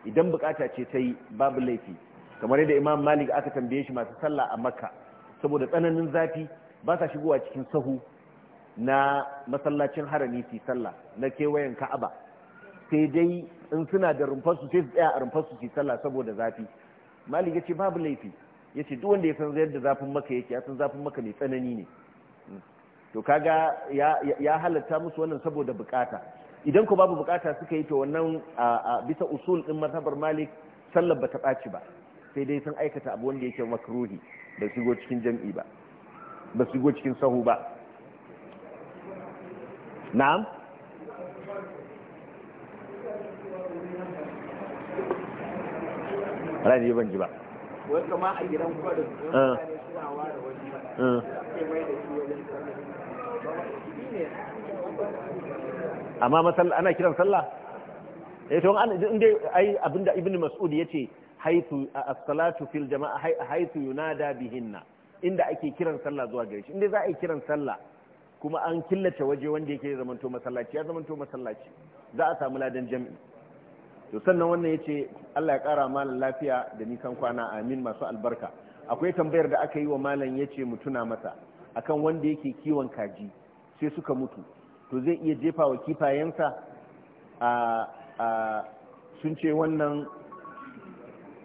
idan bukata ce ta yi babu laifi kamar yadda imam malik aka tambaye shi masu sallah a makka saboda tsananin zafi ba sa shigowa cikin sahu na masallacin harami fi sallah na kewayen ka'aba sai dai in suna da rumfarsu sai su tsaya a rumfarsu su sallah saboda zafi malik ya ce babu laifi ya ce duk wanda ya san da zafin maka yake ya san zafin maka mai tsanani ne to kaga ya halatta musu wannan saboda bukata idan ko babu bukata suka yi to wannan a bisa usul din mazhabar malik sallar ta ɓaci ba sai dai sun aikata abu wanda yake makruhi ba shigo cikin jam'i ba ba shigo cikin sahu ba na'am rani ban ji ba ah. ah. amma masalla ana kiran sallah eh to an inda ai abinda ibnu mas'ud yace haythu as-salatu fil jama'a haythu yunada bihinna inda ake kiran sallah zuwa gare shi inda za a yi kiran sallah kuma an killace waje wanda yake zamanto masallaci ya zamanto masallaci za a samu ladan jami'i to sannan wannan yace Allah ya kara malam lafiya da nisan kwana amin masu albarka akwai tambayar da aka yi wa malam yace mu tuna masa akan wanda yake kiwon kaji sai suka mutu to zai iya jefa wa kifayensa a sun ce wannan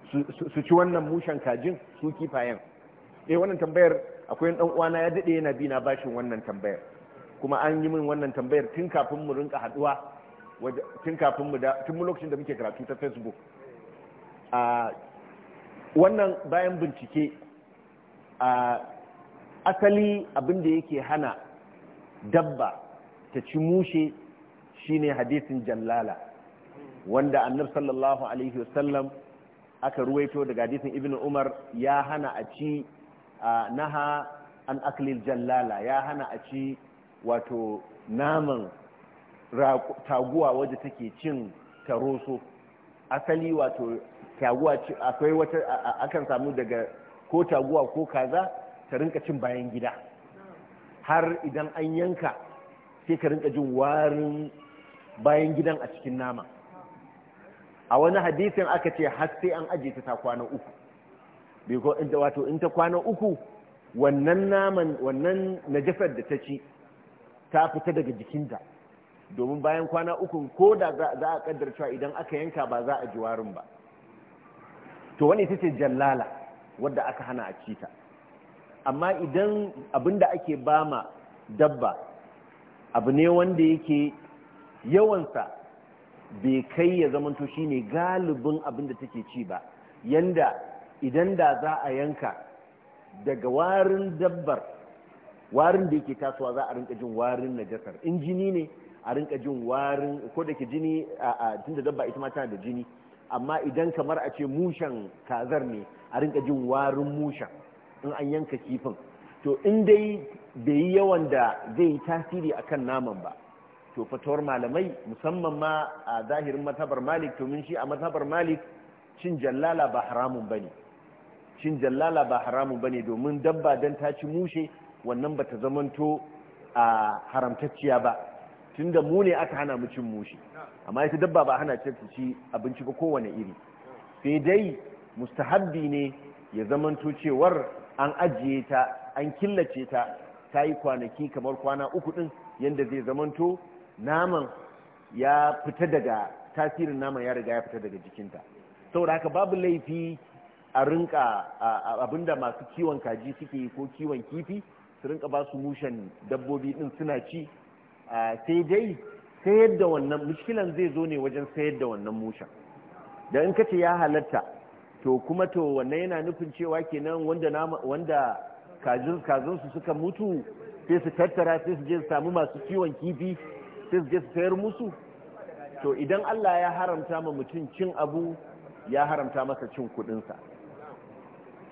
su ci wannan mushen kajin su kifayen eh wannan tambayar akwai dan uwana ya daɗe yana bi na bashin wannan tambayar kuma an yi min wannan tambayar tun kafin mu rinka haduwa tun kafin mu da tun lokacin da muke karatu ta facebook a wannan bayan bincike a asali abin da yake hana dabba ta ci mushe shine hadisin jallala wanda annabi sallallahu alaihi wasallam aka ruwaito daga hadisin ibn umar ya hana a ci naha an aklil jallala ya hana a ci wato naman taguwa wadda take cin taroso asali wato taguwa akwai wata akan samu daga ko taguwa ko kaza ta rinka cin bayan gida har idan an yanka sai ka rinka jin warin bayan gidan a cikin nama a wani hadisin aka ce har sai an aje ta kwana uku biko inda wato in ta kwana uku wannan naman wannan najasar da ta ci ta fita daga jikinta domin bayan kwana uku ko da za a kaddar cewa idan aka yanka ba za a ji warin ba to wani ita ce jallala wadda aka hana a cita amma idan abinda ake ba ma dabba abu ne wanda yake yawansa bai kai ya zamanto ne galibin abinda take ci ba yanda idan da za a yanka daga warin dabbar warin da yake tasowa za a rinka jin warin najasar in jini ne a rinka jin warin ko da ke jini a tunda dabba ita ma tana da jini amma idan kamar a ce mushen kazar ne a rinka jin warin mushen in an yanka kifin to in dai bai yi yawan da zai yi tasiri akan naman ba to fatawar malamai musamman ma a zahirin matabar malik domin shi a matabar malik cin jallala ba haramun bane cin jallala ba haramun bane domin dabba dan ta ci mushe wannan bata zamanto a haramtacciya ba da mu ne aka hana mu cin mushi amma ita dabba ba hana su ci abinci ba kowane iri sai dai mustahabbi ne ya zamanto cewar an ajiye ta an killace ta ta yi kwanaki kamar kwana uku din yadda zai zamanto naman ya fita daga tasirin naman ya riga ya fita daga jikinta saboda haka babu laifi a rinka abinda masu kiwon kaji suke yi ko kiwon kifi su rinka ba su mushen dabbobi din suna ci sai dai sayar da wannan mushkilan zai zo ne wajen sayar da wannan musha da in kace ya halatta to kuma to wannan yana nufin cewa kenan wanda wanda kajin kazin su suka mutu sai su tattara sai su je su samu masu ciwon kifi sai su je su sayar musu to idan Allah ya haramta ma mutum cin abu ya haramta masa cin kudinsa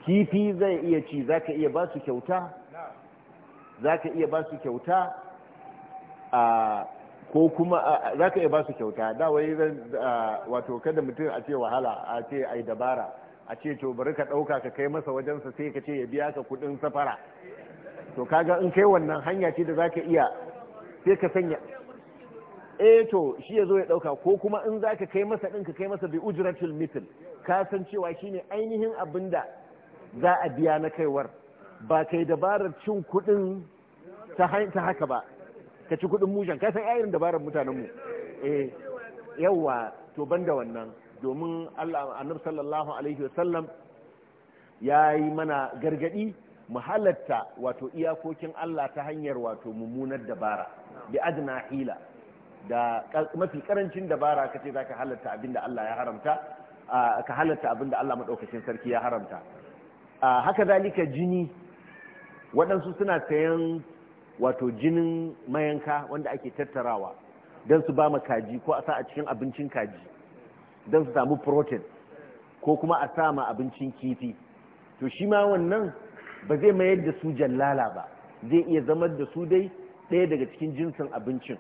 kifi zai iya ci zaka iya ba su kyauta zaka iya ba su kyauta ko kuma za ka iya ba su kyauta da wai wato kada mutum a ce wahala a ce ai dabara a ce to bari ka ɗauka ka kai masa wajensa sai ka ce ya biya ka kuɗin safara to kaga in kai wannan hanya ce da za ka iya sai ka sanya eh to shi ya zo ya ɗauka ko kuma in za ka kai masa ɗin ka kai masa bi ujratul mitil ka san cewa shine ainihin abin da za a biya na kaiwar ba kai dabarar cin kuɗin ta haka ba ka ci kuɗin mushen ka san irin dabarar mutanenmu eh yawa to ban wannan domin Allah annab sallallahu alaihi wasallam ya yi mana gargadi mu halatta wato iyakokin Allah ta hanyar wato mummunar dabara bi adna hila da mafi karancin dabara kace zaka halatta abinda Allah ya haramta ka halatta abinda Allah madaukakin sarki ya haramta haka zalika jini waɗansu suna sayan wato jinin mayanka wanda ake tattarawa don su ba kaji ko a sa a cikin abincin kaji don su samu protein ko kuma a sa ma abincin kifi to shi ma wannan ba zai mayar da su jallala ba zai iya zama da su dai ɗaya daga cikin jinsin abincin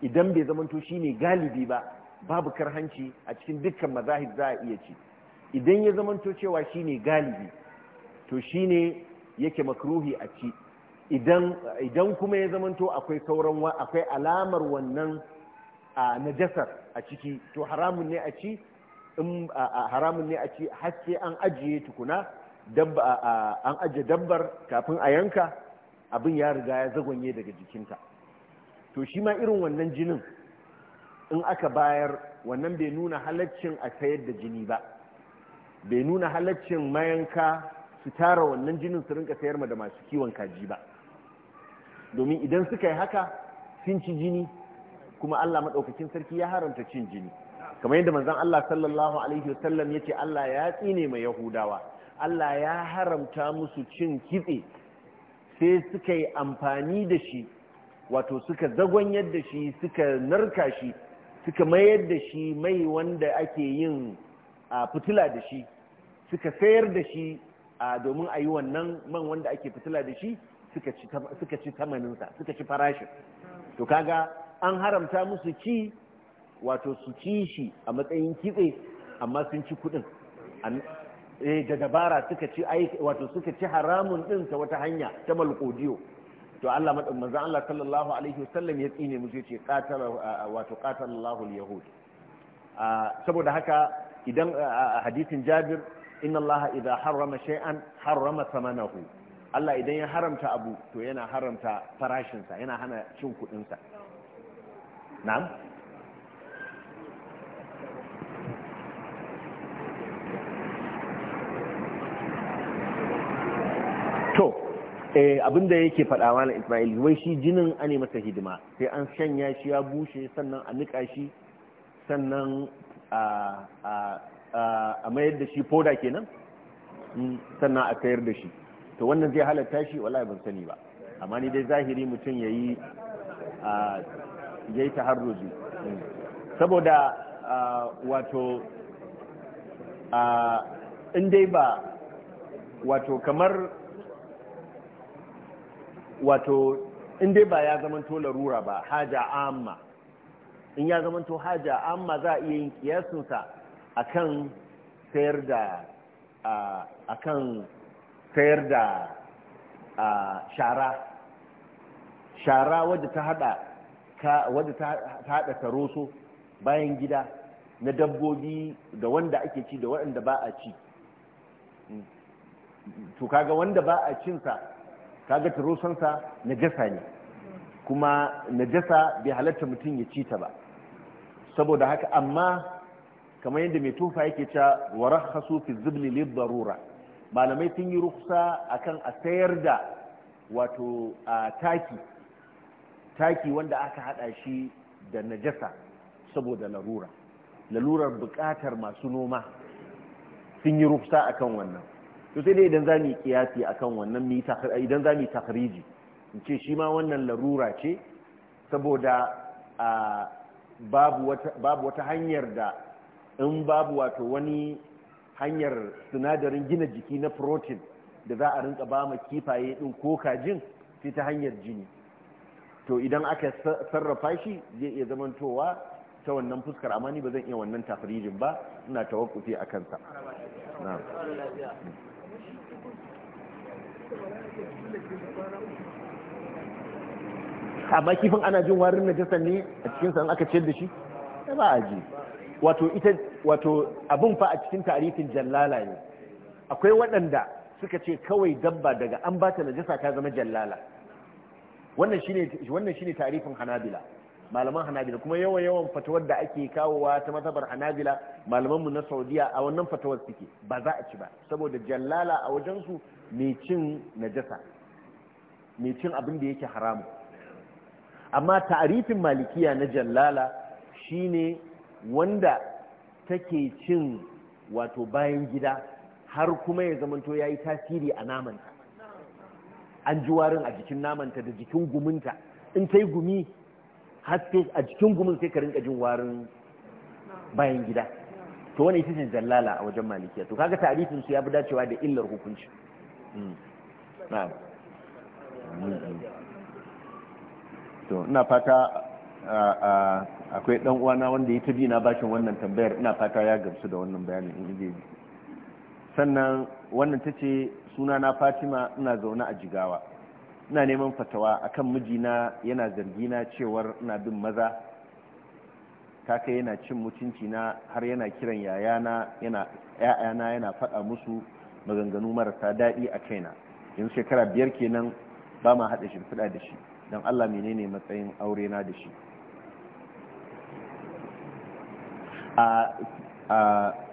idan bai zamanto shi ne galibi ba babu kar hanci a cikin dukkan mazahib za a iya ci idan ya zamanto cewa shi ne galibi to shi ne yake makruhi a ci idan kuma ya zamanto akwai sauran akwai alamar wannan na najasar a ciki to haramun ne a ci in haramun ne a ci har an ajiye tukuna an ajiye dabbar kafin a yanka abin ya riga ya zagonye daga jikinta to shi ma irin wannan jinin in aka bayar wannan bai nuna halaccin a sayar da jini ba bai nuna halaccin mayanka su tara wannan jinin su rinka sayar ma da masu kiwon kaji ba domin idan suka yi haka sun ci jini kuma Allah maɗaukacin sarki ya haramta cin jini kamar yadda manzan Allah sallallahu alaihi wasallam yace Allah ya tsine mai Yahudawa Allah ya haramta musu cin kitse sai suka yi amfani da shi wato suka zagwanyar da shi suka narka shi suka mayar da shi mai wanda ake yin fitila da shi suka sayar da shi domin a yi wannan man wanda ake fitila da shi suka ci tamaninsa suka ci farashin to kaga an haramta musu ci wato su ci shi a matsayin kitse amma sun ci kudin eh, da dabara suka ci wato suka ci haramun din ta wata hanya ta malkodiyo to Allah manzon Allah sallallahu alaihi wasallam ya tsine musu yace qatala wato qatala Allahu al saboda haka idan hadisin Jabir inna Allah idha harrama shay'an harrama samanahu Allah idan ya haramta abu to yana haramta farashinsa yana hana cin kudinsa na'am to eh abinda yake faɗawa na Isma'il wai shi jinin ane masa hidima sai an shanya shi ya bushe sannan a nika shi sannan a mayar da shi foda kenan mm, sannan a kayar da shi to wannan zai halatta shi wallahi ban sani ba amma ni dai zahiri mutum yayi yi yayi taharruji saboda wato in dai ba wato kamar wato in dai ba ya zamanto larura ba haja amma in ya zamanto haja amma za a iya yin a akan sayar da akan sayar da shara shara wadda ta hada wadda ta hada bayan gida na dabbobi da wanda ake ci da waɗanda ba a ci to kaga wanda ba a cinsa kaga tarosonsa najasa ne kuma najasa bai halatta mutum ya ci ta ba saboda haka amma kamar yadda mai tufa yake cewa warakhasu fi zibli lid darura malamai sun yi ruksa akan a sayar da wato a taki taki wanda aka hada shi da najasa saboda larura larurar bukatar masu noma sun yi rufsa akan wannan to sai dai idan za mu kiyasi akan wannan idan za mu takriji in ce shi ma wannan larura ce saboda babu wata hanyar da in babu wato wani hanyar sinadarin gina jiki na protein da za a rinka ba ma kifaye din ko kajin sai ta hanyar jini to idan aka sarrafa shi zai iya zamantowa ta wannan fuskar amma ni ba zan iya wannan tafrijin ba ina tawakkufi a kansa amma kifin ana jin warin najasan ne a cikin sa aka ciyar da shi ba a ji wato ita wato abun fa a cikin tarihin jallala ne akwai waɗanda suka ce kawai dabba daga an ba ta najasa ta zama jallala wannan shine wannan shine tarifin hanabila malaman hanabila kuma yawan yawan fatawar da ake kawowa ta mazhabar hanabila malaman mu na saudiya a wannan fatawar suke ba za a ci ba saboda jallala a wajensu su mai cin najasa mai cin abin da yake haramu amma ta'arifin malikiya na jallala shine wanda take cin wato bayan gida har kuma ya zamanto ya yi tasiri a namanta an ji warin a jikin namanta da jikin guminta in ta yi gumi haske a jikin gumin sai ka rinka jin warin bayan gida to wani ita ce jallala a wajen malikiya to kaga tarihin su ya bi dacewa da illar hukunci hmm. Hmm. fata akwai dan uwana wanda ya tabi na bakin wannan tambayar ina fata ya gamsu da wannan bayanin in je sannan wannan ta ce suna na Fatima ina zaune a Jigawa ina neman fatawa akan mijina yana zargi na cewar ina bin maza ta kai yana cin mutunci na har yana kiran yayana yana yana faɗa musu maganganu marasa daɗi a kaina yanzu shekara biyar kenan ba ma haɗa shimfiɗa da shi don Allah menene matsayin aure na da shi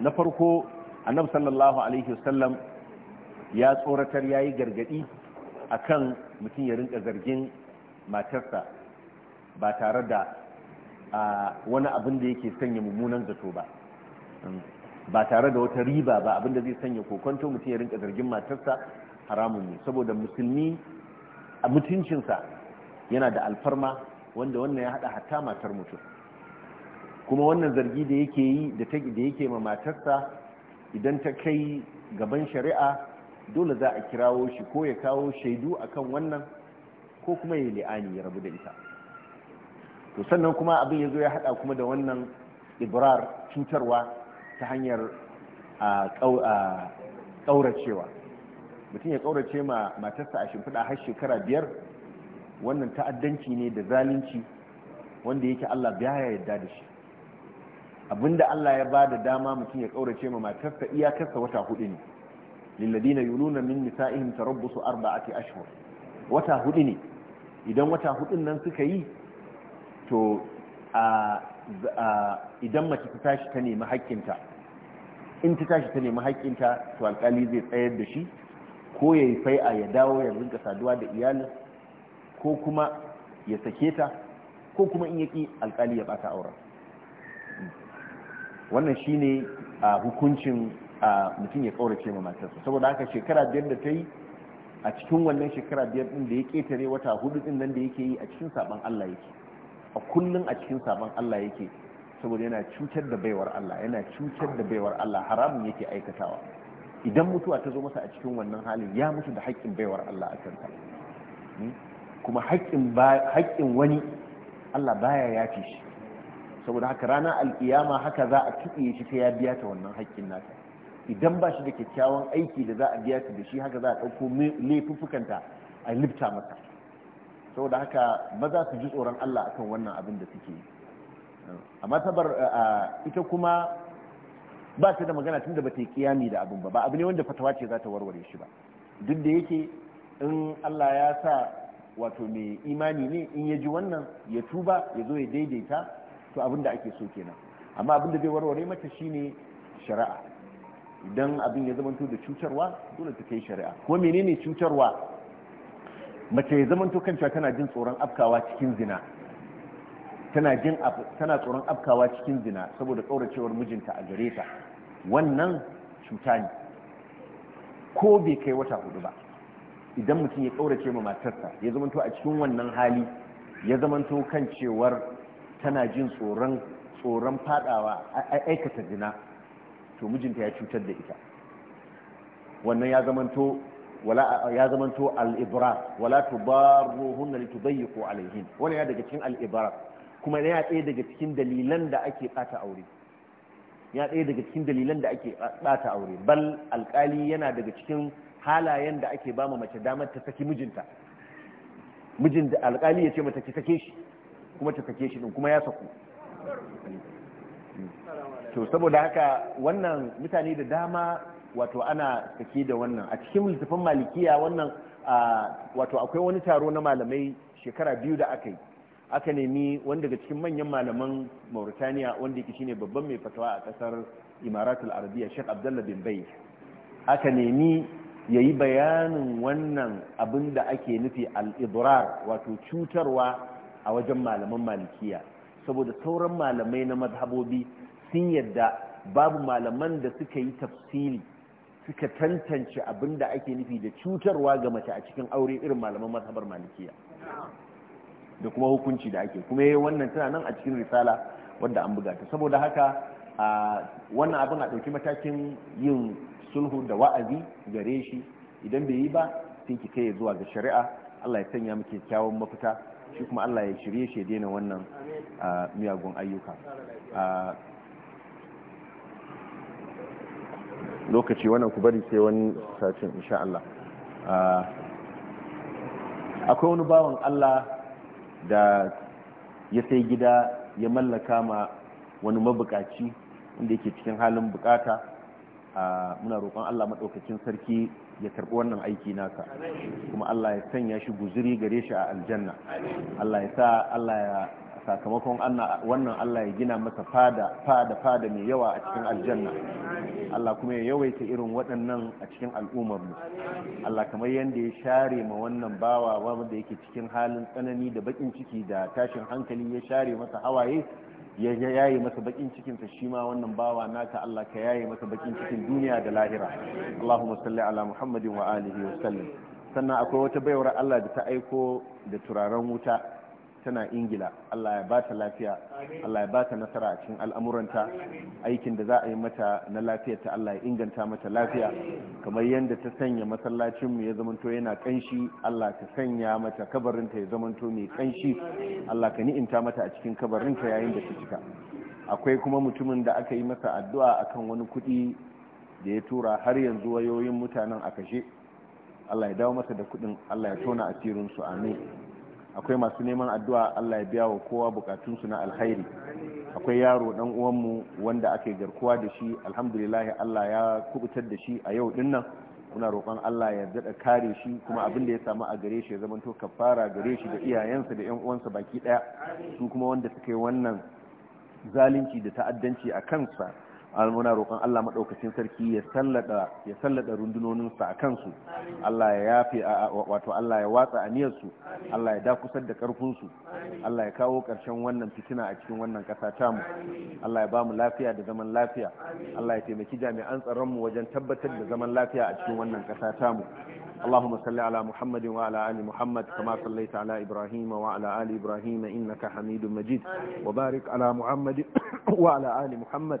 na farko annabi sallallahu alaihi wasallam ya tsoratar yayi gargadi akan mutum ya rinka zargin matarsa ba tare da wani abin da yake sanya mummunan zato ba ba tare da wata riba ba abin da zai sanya kokonto mutum ya rinka zargin matarsa haramun ne saboda musulmi a mutuncinsa yana da alfarma wanda wannan ya hada hatta matar mutum kuma wannan zargi da yake yi da yake ma matarsa idan ta kai gaban shari'a dole za a kirawo shi ko ya kawo shaidu akan wannan ko kuma ya li'ani ya rabu da ita to sannan kuma abin ya zo ya hada kuma da wannan ibrar cutarwa ta hanyar ƙauracewa mutum ya ƙaurace ma matarsa a shimfiɗa har shekara biyar wannan ta'addanci ne da zalunci wanda yake allah ya yarda da shi abinda Allah ya ba da dama mutum ya kaurace ma matarsa iyakarsa wata hudu ne lilladina yuluna min nisa'ihim tarabbusu arba'ati ashhur wata hudu ne idan wata hudun nan suka yi to a idan mace ta tashi ta nemi hakkinta in ta tashi ta nemi hakkinta to alƙali zai tsayar da shi ko ya fai'a ya dawo ya rinka saduwa da iyali, ko kuma ya sake ta ko kuma in yaki alƙali ya bata auren wannan shine a hukuncin mutum ya kaurace ma matarsa saboda haka shekara biyar da ta yi a cikin wannan shekara biyar din da ya ketare wata hudu din nan da yake yi a cikin saban Allah yake a kullum a cikin saban Allah yake saboda yana cutar da baiwar Allah yana cutar da baiwar Allah haramun yake aikatawa idan mutuwa ta zo masa a cikin wannan halin ya mutu da haƙƙin baiwar Allah a kanta hmm? kuma haƙƙin wani Allah baya yafi shi saboda haka ranar alkiyama haka za a kiɗe shi ta ya biya ta wannan haƙƙin nata idan ba shi da kyakkyawan aiki da za a biya ta da shi haka za a ɗauko laifuffukanta a lifta mata saboda haka maza su ji tsoron Allah akan wannan abin da suke yi a ita kuma ba ta da magana tunda ba ta yi kiyami da abin ba ba abu ne wanda fatawa ce za ta warware shi ba duk da yake in Allah ya sa wato mai imani ne in ya ji wannan ya tuba ya zo ya daidaita to abin da ake so kenan amma abin da zai warware mata shine shari'a idan abin ya zamanto da cutarwa dole ta kai shari'a ko menene cutarwa mace ya zamanto kan cewa tana jin tsoron afkawa cikin zina tana jin tana tsoron afkawa cikin zina saboda kauracewar mijinta a gare ta wannan cuta ne ko bai kai wata hudu ba idan mutum ya kaurace ma matarsa ya zamanto a cikin wannan hali ya zamanto kan cewar tana jin tsoron tsoron fadawa aikata jina to mijinta ya cutar da ita wannan ya zamanto wala ya zamanto al ibra wala tudarruhunna litudayyiqu alayhin wannan ya daga cikin al ibra kuma yana ɗaya daga cikin dalilan da ake ɓata aure ya ɗaya daga cikin dalilan da ake ɓata aure bal alƙali yana daga cikin halayen da ake ba ma mace damar ta saki mijinta mijin da alƙali ya ce mata ki sake shi kuma ta sake shi din kuma ya saku to saboda haka wannan mutane da dama wato ana sake da wannan a cikin littafin malikiya wannan wato akwai wani taro na malamai shekara biyu da aka yi aka nemi wanda daga cikin manyan malaman mauritaniya wanda yake shine babban mai fatawa a kasar imaratul arabiya sheikh abdullah bin bai aka nemi ya yi bayanin wannan abin da ake nufi Al al-idrar wato cutarwa a wajen malaman malikiya saboda sauran malamai na mazhabobi sun yadda babu malaman da suka yi tafsiri suka tantance abin da ake nufi da cutarwa ga mace a cikin aure irin malaman mazhabar malikiya da kuma hukunci da ake kuma yayin eh, wannan tana nan a cikin risala wadda an bugata saboda haka wannan abin a ɗauki matakin yin sulhu da wa'azi gare shi idan bai yi ba sun ki kai zuwa ga shari'a Allah ya sanya muke kyawun mafita shi kuma Allah ya shirye shi daina wannan miyagun ayyuka lokaci wannan ku bari sai wani sacin insha Allah akwai wani bawan Allah da ya sai gida ya mallaka ma wani mabukaci wanda yake cikin halin bukata muna roƙon Allah maɗaukacin sarki ya karɓi wannan aiki naka kuma Allah ya sanya shi guzuri gare shi a aljanna Allah ya sa Allah ya sakamakon wannan Allah ya gina masa fada fada fada mai yawa a cikin aljanna Allah kuma ya yawaita irin waɗannan a cikin al'ummar mu Allah kamar yanda ya share ma wannan bawa wanda yake cikin halin tsanani da bakin ciki da tashin hankali ya share masa hawaye ya yaye masa bakin cikinsa shi ma wannan bawa naka Allah ka yaye masa bakin cikin duniya da lahira Allahumma salli ala Muhammadin wa alihi wa sallam sannan akwai wata baiwar Allah da ta aiko da turaren wuta tana ingila allah ya bata lafiya allah ya ba nasara a cikin al'amuranta aikin da za a yi mata na lafiya ta allah ya inganta mata lafiya kamar yadda ta sanya masallacin mu ya zamanto yana kanshi allah ka sanya mata kabarinta ya zamanto mai kanshi allah ka ni'inta mata a cikin kabarinta yayin da ta cika akwai kuma mutumin da aka yi masa addu'a akan wani kuɗi da ya tura har yanzu wayoyin mutanen a kashe Allah ya dawo masa da kuɗin Allah ya tona asirinsu amin akwai masu neman addu'a Allah ya biya wa kowa bukatunsu na alkhairi akwai yaro dan uwanmu wanda ake garkuwa da shi alhamdulillah Allah ya kubutar da shi a yau din nan muna roƙon Allah ya daɗa kare shi kuma abin da ya samu a gare shi ya zama to kafara gare shi da iyayensa da 'yan uwansa baki ɗaya su kuma wanda suka yi wannan zalunci da ta'addanci a kansa muna roƙon Allah maɗaukacin sarki ya sallada ya sallada rundunoninsa a kansu Allah ya yafe wato Allah ya watsa aniyarsu Allah ya dakusar da ƙarfinsu Allah ya kawo ƙarshen wannan fitina a cikin wannan ƙasa Allah ya ba mu lafiya da zaman lafiya Allah ya taimaki jami'an tsaronmu wajen tabbatar da zaman lafiya a cikin wannan ƙasa tamu اللهم صل على محمد وعلى آل محمد كما صليت على إبراهيم وعلى آل إبراهيم إنك حميد مجيد وبارك على محمد وعلى آل محمد